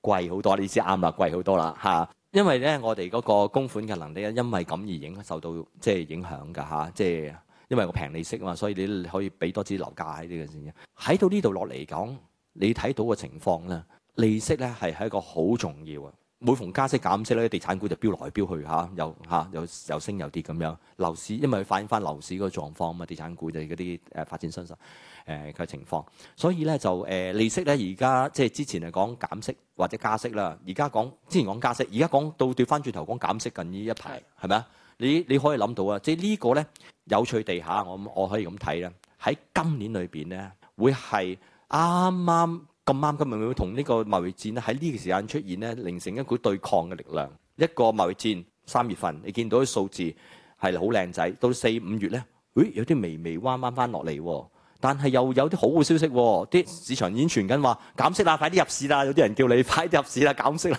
貴好多。你知啱啦，貴好多啦嚇。因為咧，我哋嗰個供款嘅能力咧，因為咁而影響受到即係影響㗎吓，即係因為個平利息啊嘛，所以你可以俾多支樓價喺呢個先。喺到呢度落嚟講，你睇到嘅情況咧，利息咧係係一個好重要啊。每逢加息減息咧，地產股就飆來飆去吓，又吓又又升又跌咁樣。樓市因為反映返樓市嗰個狀況啊嘛，地產股就係嗰啲誒發展新勢。誒嘅情況，所以咧就誒利息咧而家即係之前係講減息或者加息啦，而家講之前講加息，而家講到調翻轉頭講減息近呢一排，係咪啊？你你可以諗到啊，即係呢個咧有趣地下，我我可以咁睇咧。喺今年裏邊咧，會係啱啱咁啱咁樣，會同呢個貿易戰咧喺呢個時間出現咧，形成一股對抗嘅力量。一個貿易戰，三月份你見到啲數字係好靚仔，到四五月咧，誒有啲微微彎彎翻落嚟喎。但係又有啲好嘅消息喎，啲市場已經傳緊話減息啦，快啲入市啦！有啲人叫你快啲入市啦，減息啦。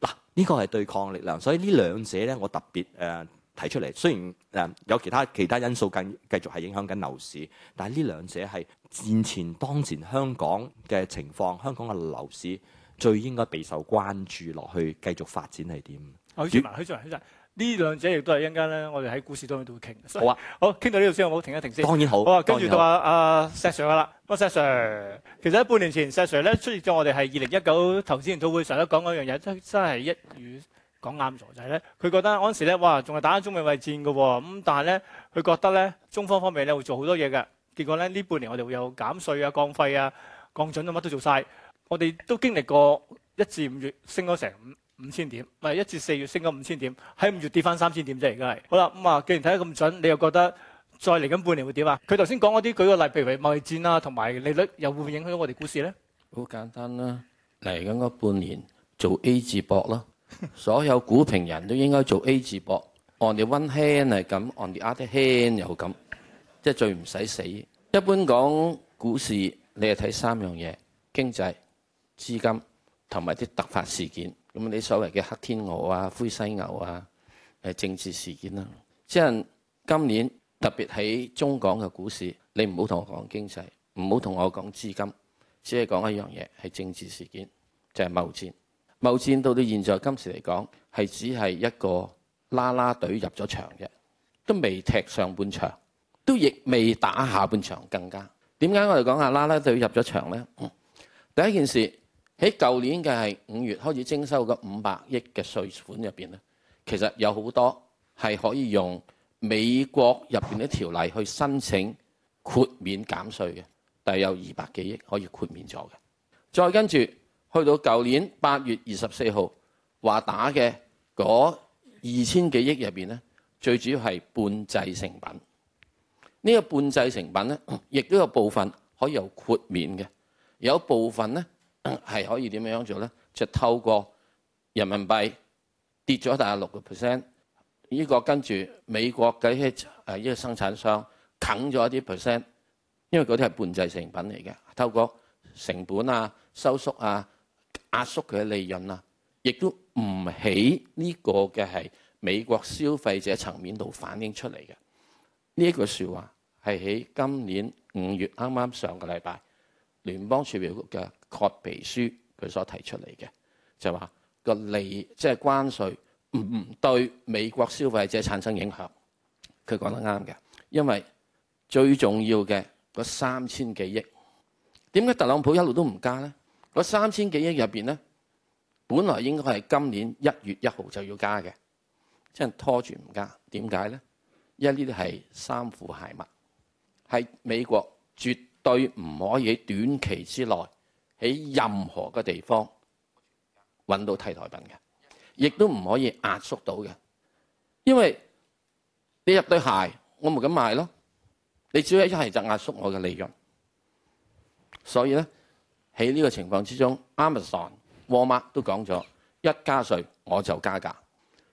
嗱，呢個係對抗力量，所以呢兩者呢，我特別誒、呃、提出嚟。雖然誒、呃、有其他其他因素更繼續係影響緊樓市，但係呢兩者係現前當前香港嘅情況，香港嘅樓市最應該備受關注落去繼續發展係點？許智文，呢兩者亦都係一陣間咧，我哋喺股市當中都會傾。好啊，好，傾到呢度先好唔好？停一停先。當然好。好啊，跟住到話阿石 Sir 嘅啦，石 Sir。呃、石 Sir，其實喺半年前，石 Sir 咧出現咗，我哋喺二零一九投資研討會上都講嗰樣嘢，真真係一語講啱咗，就係咧。佢覺得嗰陣時咧，哇，仲係打緊中美圍戰嘅喎，咁但係咧，佢覺得咧，中方方面咧會做好多嘢嘅。結果咧，呢半年我哋會有減稅啊、降費啊、降準啊，乜都做晒。我哋都經歷過一至五月升咗成五。五千點咪一至四月升咗五千點，喺五月跌翻三千點啫。而家係好啦，咁啊，既然睇得咁準，你又覺得再嚟緊半年會點啊？佢頭先講嗰啲，舉個例，譬如貿易戰啊，同埋利率又會唔會影響到我哋股市咧？好簡單啦，啊，嚟緊個半年做 A 字博咯。所有股評人都應該做 A 字博 ，On the one hand 係咁，on the other hand 又咁，即係最唔使死。一般講股市，你係睇三樣嘢：經濟、資金同埋啲突發事件。咁你所謂嘅黑天鵝啊、灰犀牛啊，誒、啊、政治事件啦、啊，即係今年特別喺中港嘅股市，你唔好同我講經濟，唔好同我講資金，只係講一樣嘢，係政治事件，就係貿戰。貿戰到到現在今時嚟講，係只係一個啦啦隊入咗場嘅，都未踢上半場，都亦未打下半場，更加點解我哋講下啦啦隊入咗場呢、嗯？第一件事。喺舊年嘅係五月開始徵收嘅五百億嘅稅款入邊咧，其實有好多係可以用美國入邊嘅條例去申請豁免減稅嘅，但係有二百幾億可以豁免咗嘅。再跟住去到舊年八月二十四號話打嘅嗰二千幾億入邊咧，最主要係半製成品呢、呢個半製成品咧，亦都有部分可以有豁免嘅，有部分咧。係可以點樣做咧？就透過人民幣跌咗大概六個 percent，呢個跟住美國嘅一誒一生產商啃咗一啲 percent，因為嗰啲係半製成品嚟嘅，透過成本啊、收縮啊、壓縮佢嘅利潤啊，亦都唔喺呢個嘅係美國消費者層面度反映出嚟嘅。呢一句說話係喺今年五月啱啱上個禮拜聯邦儲備局嘅。確皮書佢所提出嚟嘅就話、是、個利即係、就是、關稅唔唔對美國消費者產生影響。佢講得啱嘅，因為最重要嘅嗰三千幾億點解特朗普一路都唔加呢？嗰三千幾億入邊呢，本來應該係今年一月一號就要加嘅，即、就、係、是、拖住唔加。點解呢？因為呢啲係衫褲鞋襪，係美國絕對唔可以短期之內。喺任何個地方揾到替代品嘅，亦都唔可以壓縮到嘅，因為你入對鞋，我唔敢賣咯。你只要一係就壓縮我嘅利潤，所以咧喺呢個情況之中，Amazon、Walmart 都講咗一加稅我就加價，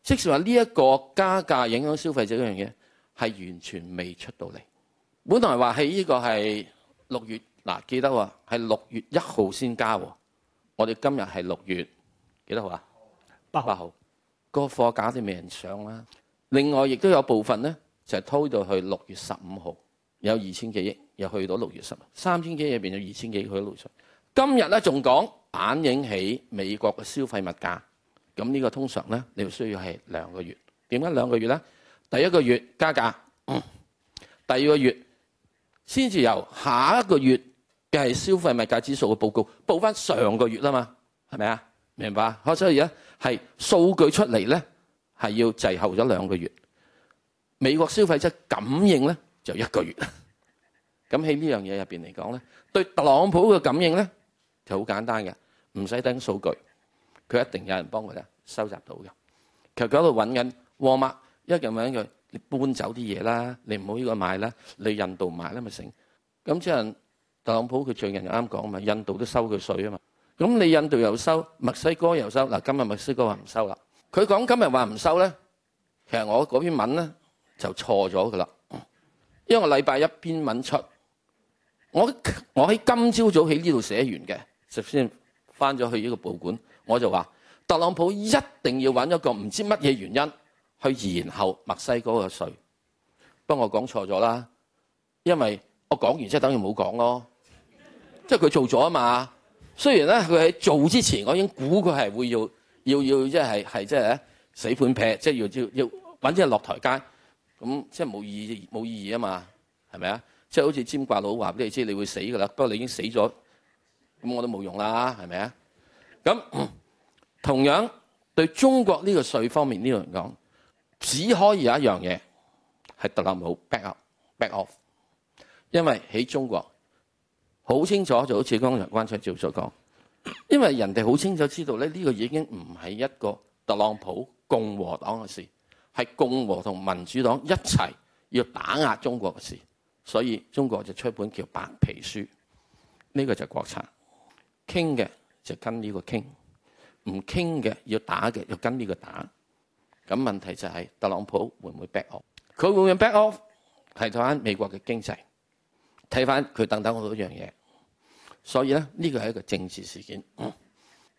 即使話呢一個加價影響消費者呢樣嘢係完全未出到嚟。本來話喺呢個係六月。嗱，記得喎，係六月一號先加喎。我哋今日係六月幾多號啊？八號。個貨價都未人上啦？另外亦都有部分呢，就係拖到去六月十五號，有二千幾億，又去到六月十日，三千幾億入邊有二千幾億去到六月十。今日呢，仲講反映起美國嘅消費物價，咁呢個通常呢，你需要係兩個月。點解兩個月呢？第一個月加價，第二個月先至由下一個月。嘅係消費物價指數嘅報告，報翻上個月啦嘛，係咪啊？明白啊？可所以而家係數據出嚟咧，係要滯後咗兩個月。美國消費者感應咧就一個月。咁喺呢樣嘢入邊嚟講咧，對特朗普嘅感應咧就好簡單嘅，唔使等數據，佢一定有人幫佢咧收集到嘅。其實佢喺度揾緊沃麥，一陣問佢搬走啲嘢啦，你唔好呢個買啦，你印度買啦咪成咁即係。特朗普佢最近啱講嘛，印度都收佢稅啊嘛，咁你印度又收，墨西哥又收，嗱，今日墨西哥話唔收啦，佢講今日話唔收呢，其實我嗰篇文呢，就錯咗㗎啦，因為禮拜一篇文出，我喺今朝早喺呢度寫完嘅，先返咗去呢個報館，我就話特朗普一定要搵一個唔知乜嘢原因去延後墨西哥嘅稅，不過我講錯咗啦，因為我講完即係等於冇講咯。即係佢做咗啊嘛，雖然咧佢喺做之前，我已經估佢係會要要要即係係即係死盤劈，即係要要要揾啲人落台階，咁即係冇意冇意義啊嘛，係咪啊？即係好似尖掛佬話俾你知，你會死㗎啦，不過你已經死咗，咁我都冇用啦，係咪啊？咁同樣對中國呢個稅方面呢度嚟講，只可以有一樣嘢係特朗普 back up back off，因為喺中國好清楚，就好似剛才關焯照所講，因為人哋好清楚知道咧，呢、這個已經唔係一個特朗普共和黨嘅事，係共和同民主黨一齊要打壓中國嘅事，所以中國就出本叫《白皮書》這，呢個就係國策。傾嘅就跟呢個傾，唔傾嘅要打嘅要跟呢個打。咁問題就係、是、特朗普會唔會 back off？佢會唔會 back off？係睇下美國嘅經濟。睇翻佢等等我一樣嘢，所以咧呢個係一個政治事件。嗯、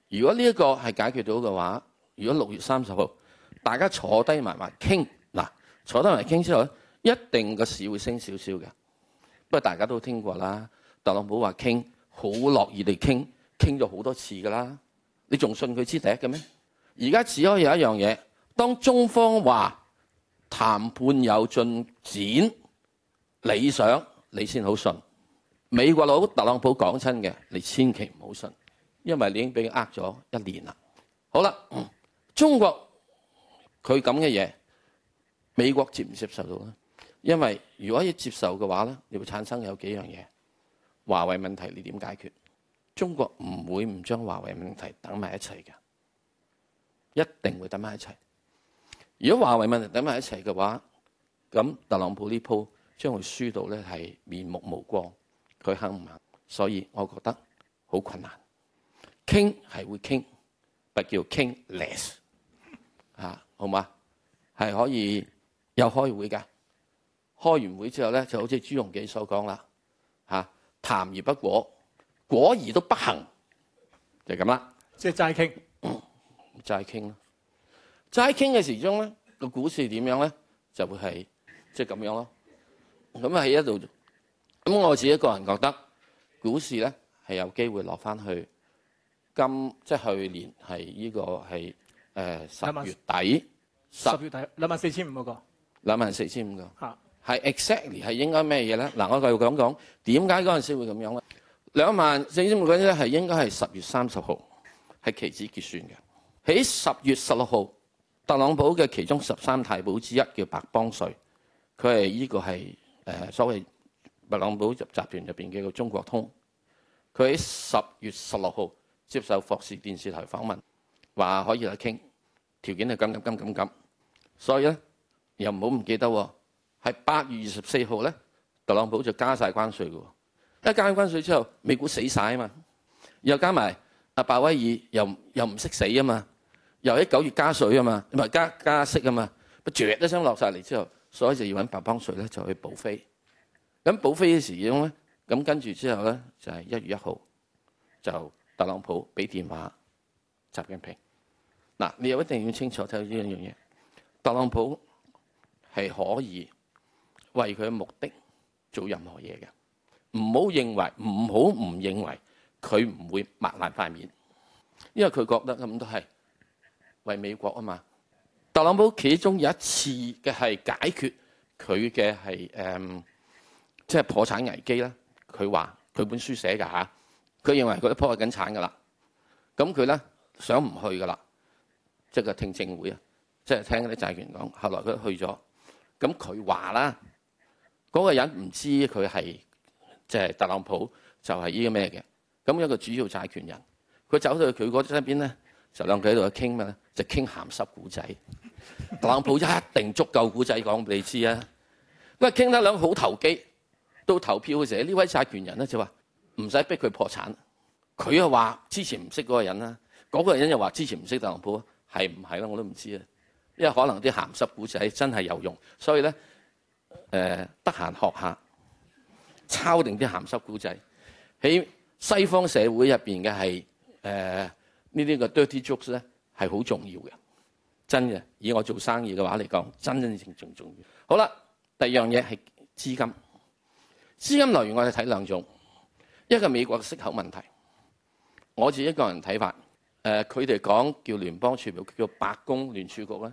如果呢一個係解決到嘅話，如果六月三十號大家坐低埋埋傾，嗱坐低埋傾之後咧，一定個市會升少少嘅。不過大家都聽過啦，特朗普話傾好樂意地傾，傾咗好多次噶啦。你仲信佢知第一嘅咩？而家只可以有一樣嘢，當中方話談判有進展，理想。你先好信，美國佬特朗普講親嘅，你千祈唔好信，因為你已經俾佢呃咗一年啦。好啦，中國佢咁嘅嘢，美國接唔接受到呢？因為如果要接受嘅話咧，你會產生有幾樣嘢。華為問題你點解決？中國唔會唔將華為問題等埋一齊嘅，一定會等埋一齊。如果華為問題等埋一齊嘅話，咁特朗普呢鋪將會輸到咧係面目無光，佢肯唔肯？所以我覺得好困難。傾係會傾，不叫傾 less 好嘛？係可以有開會噶，開完會之後咧就好似朱鎔基所講啦嚇，談而不果，果而都不行，就係咁啦。即係齋傾，齋傾啦。齋傾嘅時鐘咧，個股市點樣咧？就會係即係咁樣咯。咁啊喺一度，咁我自己個人覺得，股市咧係有機會落翻去今即係、就是、去年係呢、這個係誒十月底，十月底兩萬四千五個，兩萬四千五個，係 exactly 係應該咩嘢咧？嗱，我繼續講講點解嗰陣時會咁樣咧？兩萬四千五個咧係應該係十月三十號係期指結算嘅，喺十月十六號，特朗普嘅其中十三太保之一叫白邦瑞，佢係呢個係。誒所謂特朗普集集團入邊嘅個中國通，佢喺十月十六號接受霍士電視台訪問，話可以嚟傾，條件係咁咁咁咁咁。所以咧又唔好唔記得喎，喺八月二十四號咧，特朗普就加曬關稅嘅。一加咗關稅之後，美股死曬啊嘛。又加埋阿鮑威爾又又唔識死啊嘛。又喺九月加稅啊嘛，唔係加加息啊嘛。不著一聲落曬嚟之後。所以就要揾白邦瑞咧，就去補飛。咁補飛嘅時候咧，咁跟住之後咧，就係一月一號，就特朗普俾電話習近平。嗱，你又一定要清楚睇到呢一樣嘢。特朗普係可以為佢嘅目的做任何嘢嘅，唔好認為，唔好唔認為佢唔會抹爛塊面，因為佢覺得咁都係為美國啊嘛。特朗普其中有一次嘅係解決佢嘅係誒，即係破產危機啦。佢話佢本書寫㗎嚇，佢認為佢破緊產㗎啦。咁佢咧想唔去㗎啦，即係個聽證會啊，即係聽啲債權講。後來佢去咗，咁佢話啦，嗰個人唔知佢係即係特朗普就係依個咩嘅。咁一個主要債權人，佢走到佢嗰身邊咧，就兩佢喺度傾咩咧？就傾鹹濕古仔。特朗普一定足夠古仔講俾你知啊，不過傾得兩好投機，到投票嘅時候，呢位債權人咧就話唔使逼佢破產，佢又話之前唔識嗰個人啦，嗰個人又話之前唔識特朗普，係唔係啦？我都唔知啊，因為可能啲咸濕古仔真係有用，所以咧，誒、呃，得閒學下，抄定啲咸濕古仔喺西方社會入邊嘅係誒呢、呃、啲嘅 dirty jokes 咧係好重要嘅。真嘅，以我做生意嘅話嚟講，真真正正重要。好啦，第二樣嘢係資金，資金來源我哋睇兩種，一個美國嘅息口問題。我自己一個人睇法，誒佢哋講叫聯邦儲備局，叫白宮聯儲局咧，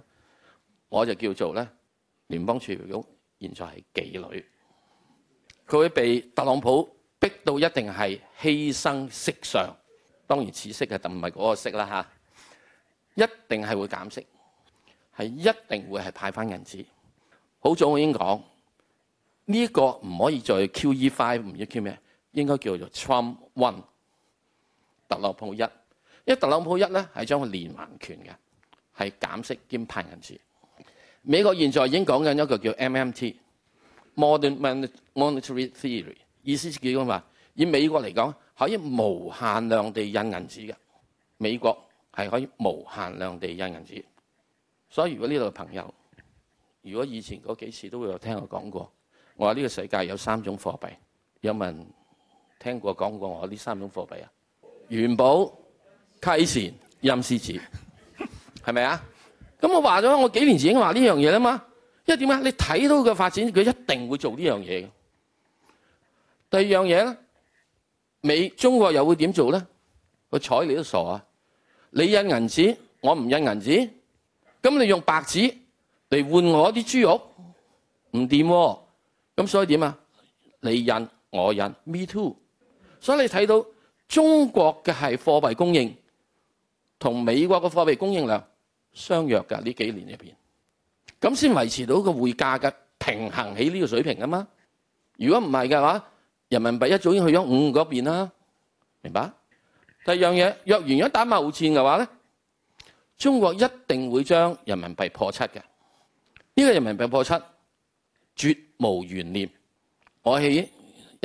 我就叫做咧聯邦儲備局現在係妓女，佢會被特朗普逼到一定係犧牲息上，當然此息嘅就唔係嗰個息啦吓，一定係會減息。係一定會係派翻銀紙。好早我已經講呢個唔可以再 QE Five 唔知 QE 咩，應該叫做 Trump One，特朗普一。因為特朗普一咧係將個連環拳嘅，係減息兼派銀紙。美國現在已經講緊一個叫 MMT（Modern Monetary Theory），意思係點講話？以美國嚟講，可以無限量地印銀紙嘅。美國係可以無限量地印銀紙。所以如果呢度嘅朋友，如果以前嗰幾次都會有聽我講過，我話呢個世界有三種貨幣，有冇人聽過講過我呢三種貨幣啊？元寶、溪 錢、陰司紙，係咪啊？咁我話咗，我幾年前已經話呢樣嘢啦嘛。因為點解？你睇到佢發展，佢一定會做呢樣嘢。第二樣嘢咧，美中國又會點做咧？我睬你都傻啊！你印銀紙，我唔印銀紙。咁你用白紙嚟換我啲豬肉，唔掂喎。咁所以點啊？你印，我印，me too。所以你睇到中國嘅係貨幣供應同美國嘅貨幣供應量相若嘅，呢幾年入邊咁先維持到個匯價嘅平衡喺呢個水平啊嘛。如果唔係嘅話，人民幣一早已經去咗五嗰邊啦。明白。第二樣嘢，若然一打貿戰嘅話咧？中國一定會將人民幣破七嘅，呢、這個人民幣破七絕無懸念。我喺一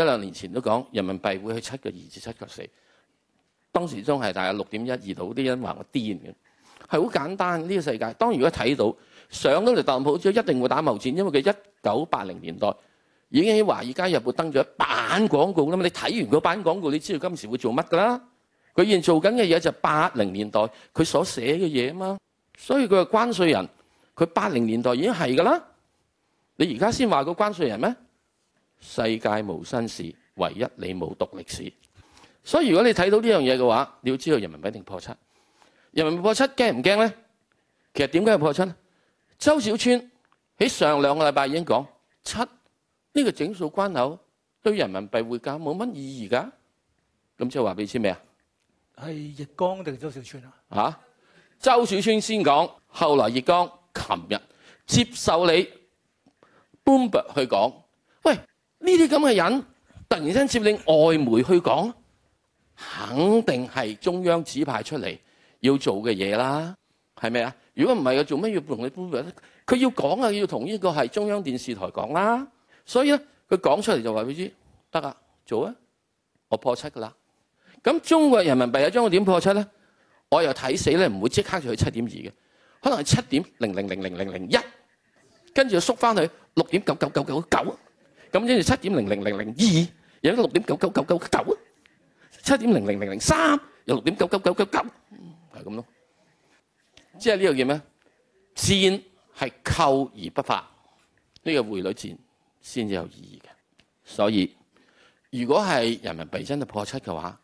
兩年前都講，人民幣會去七個二至七個四。當時仲係大概六點一二度，啲人話我癲嘅，係好簡單。呢、這個世界，當然如果睇到上到嚟特朗普之後，一定會打貿戰，因為佢一九八零年代已經喺華爾街日報登咗一版廣告啦嘛。你睇完嗰版廣告，你知道今時會做乜㗎啦？佢現做緊嘅嘢就八零年代佢所寫嘅嘢嘛，所以佢係關稅人，佢八零年代已經係噶啦，你而家先話個關稅人咩？世界無新事，唯一你冇讀歷史。所以如果你睇到呢樣嘢嘅話，你要知道人民幣一定破七。人民幣破七驚唔驚咧？其實點解要破七咧？周小川喺上兩個禮拜已經講七，呢個整數關口對人民幣匯價冇乜意義噶。咁即係話俾你知咩啊？係易綱定周小川啊？啊，周小川先講，後來易綱，琴日接受你 Bloomberg 去講。喂，呢啲咁嘅人突然之間接令外媒去講，肯定係中央指派出嚟要做嘅嘢啦，係咪啊？如果唔係，佢做咩要同你 Bloomberg 佢要講啊，要同呢個係中央電視台講啦。所以咧，佢講出嚟就話俾知，得啦，做啊，我破七噶啦。咁中國人民幣又將會點破七咧？我又睇死咧，唔會即刻就去七點二嘅，可能係七點零零零零零一，跟住縮翻去六點九九九九九，咁跟住七點零零零零二，又六點九九九九九，七點零零零零三，又六點九九九九九，係咁咯。即係呢個叫咩？戰係扣而不發，呢個匯率戰先至有意義嘅。所以如果係人民幣真係破七嘅話，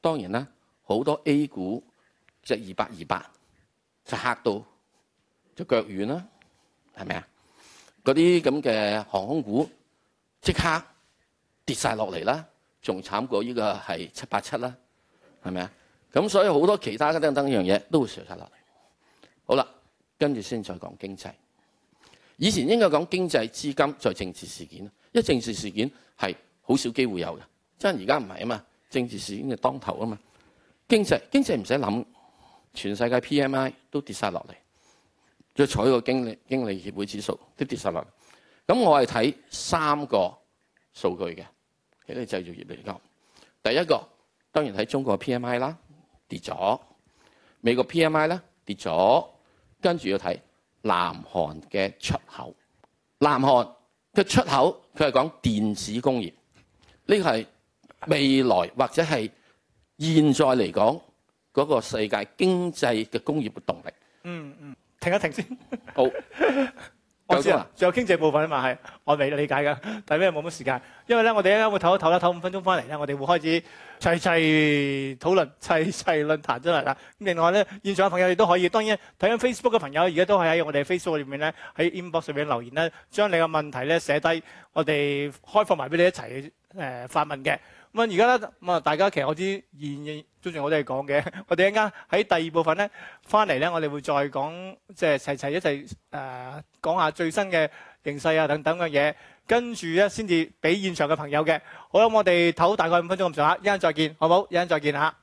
當然啦，好多 A 股即係二百二百，就是、200, 200, 300，嚇到就腳軟啦，係咪啊？嗰啲咁嘅航空股即刻跌晒落嚟啦，仲慘過呢個係七八七啦，係咪啊？咁所以好多其他等等一樣嘢都會上曬落嚟。好啦，跟住先再講經濟。以前應該講經濟資金在、就是、政治事件，因為政治事件係好少機會有嘅，即係而家唔係啊嘛。政治事件嘅當頭啊嘛，經濟經濟唔使諗，全世界 P M I 都跌晒落嚟，再採個經理經理協會指數都跌晒落嚟。咁我係睇三個數據嘅喺啲製造業嚟講，第一個當然睇中國的 P M I 啦，跌咗；美國的 P M I 啦跌咗，跟住要睇南韓嘅出口，南韓嘅出口佢係講電子工業，呢個係。未來或者係現在嚟講嗰個世界經濟嘅工業活動力，嗯嗯，停一停先。好， 我知啦。仲有經濟部分嘛，係我未理解嘅。但係因冇乜時間，因為咧我哋一陣會唞一唞啦，唞五分鐘翻嚟咧，我哋會開始齊齊討論齊齊論壇出嚟啦。咁另外咧，現場嘅朋友亦都可以，當然睇緊 Facebook 嘅朋友而家都係喺我哋 Facebook 裏面咧，喺 YouTube 上面留言咧，將你嘅問題咧寫低，我哋開放埋俾你一齊誒、呃、發問嘅。咁而家咧，大家其實我知道現場，通常我都係講嘅。我哋一陣喺第二部分呢返嚟呢，我哋會再講，即係齊齊一齊誒講下最新嘅形勢啊等等嘅嘢。跟住呢，先至俾現場嘅朋友嘅。好啦，我哋唞大概五分鐘咁上下，一陣再見，好冇？一陣再見嚇。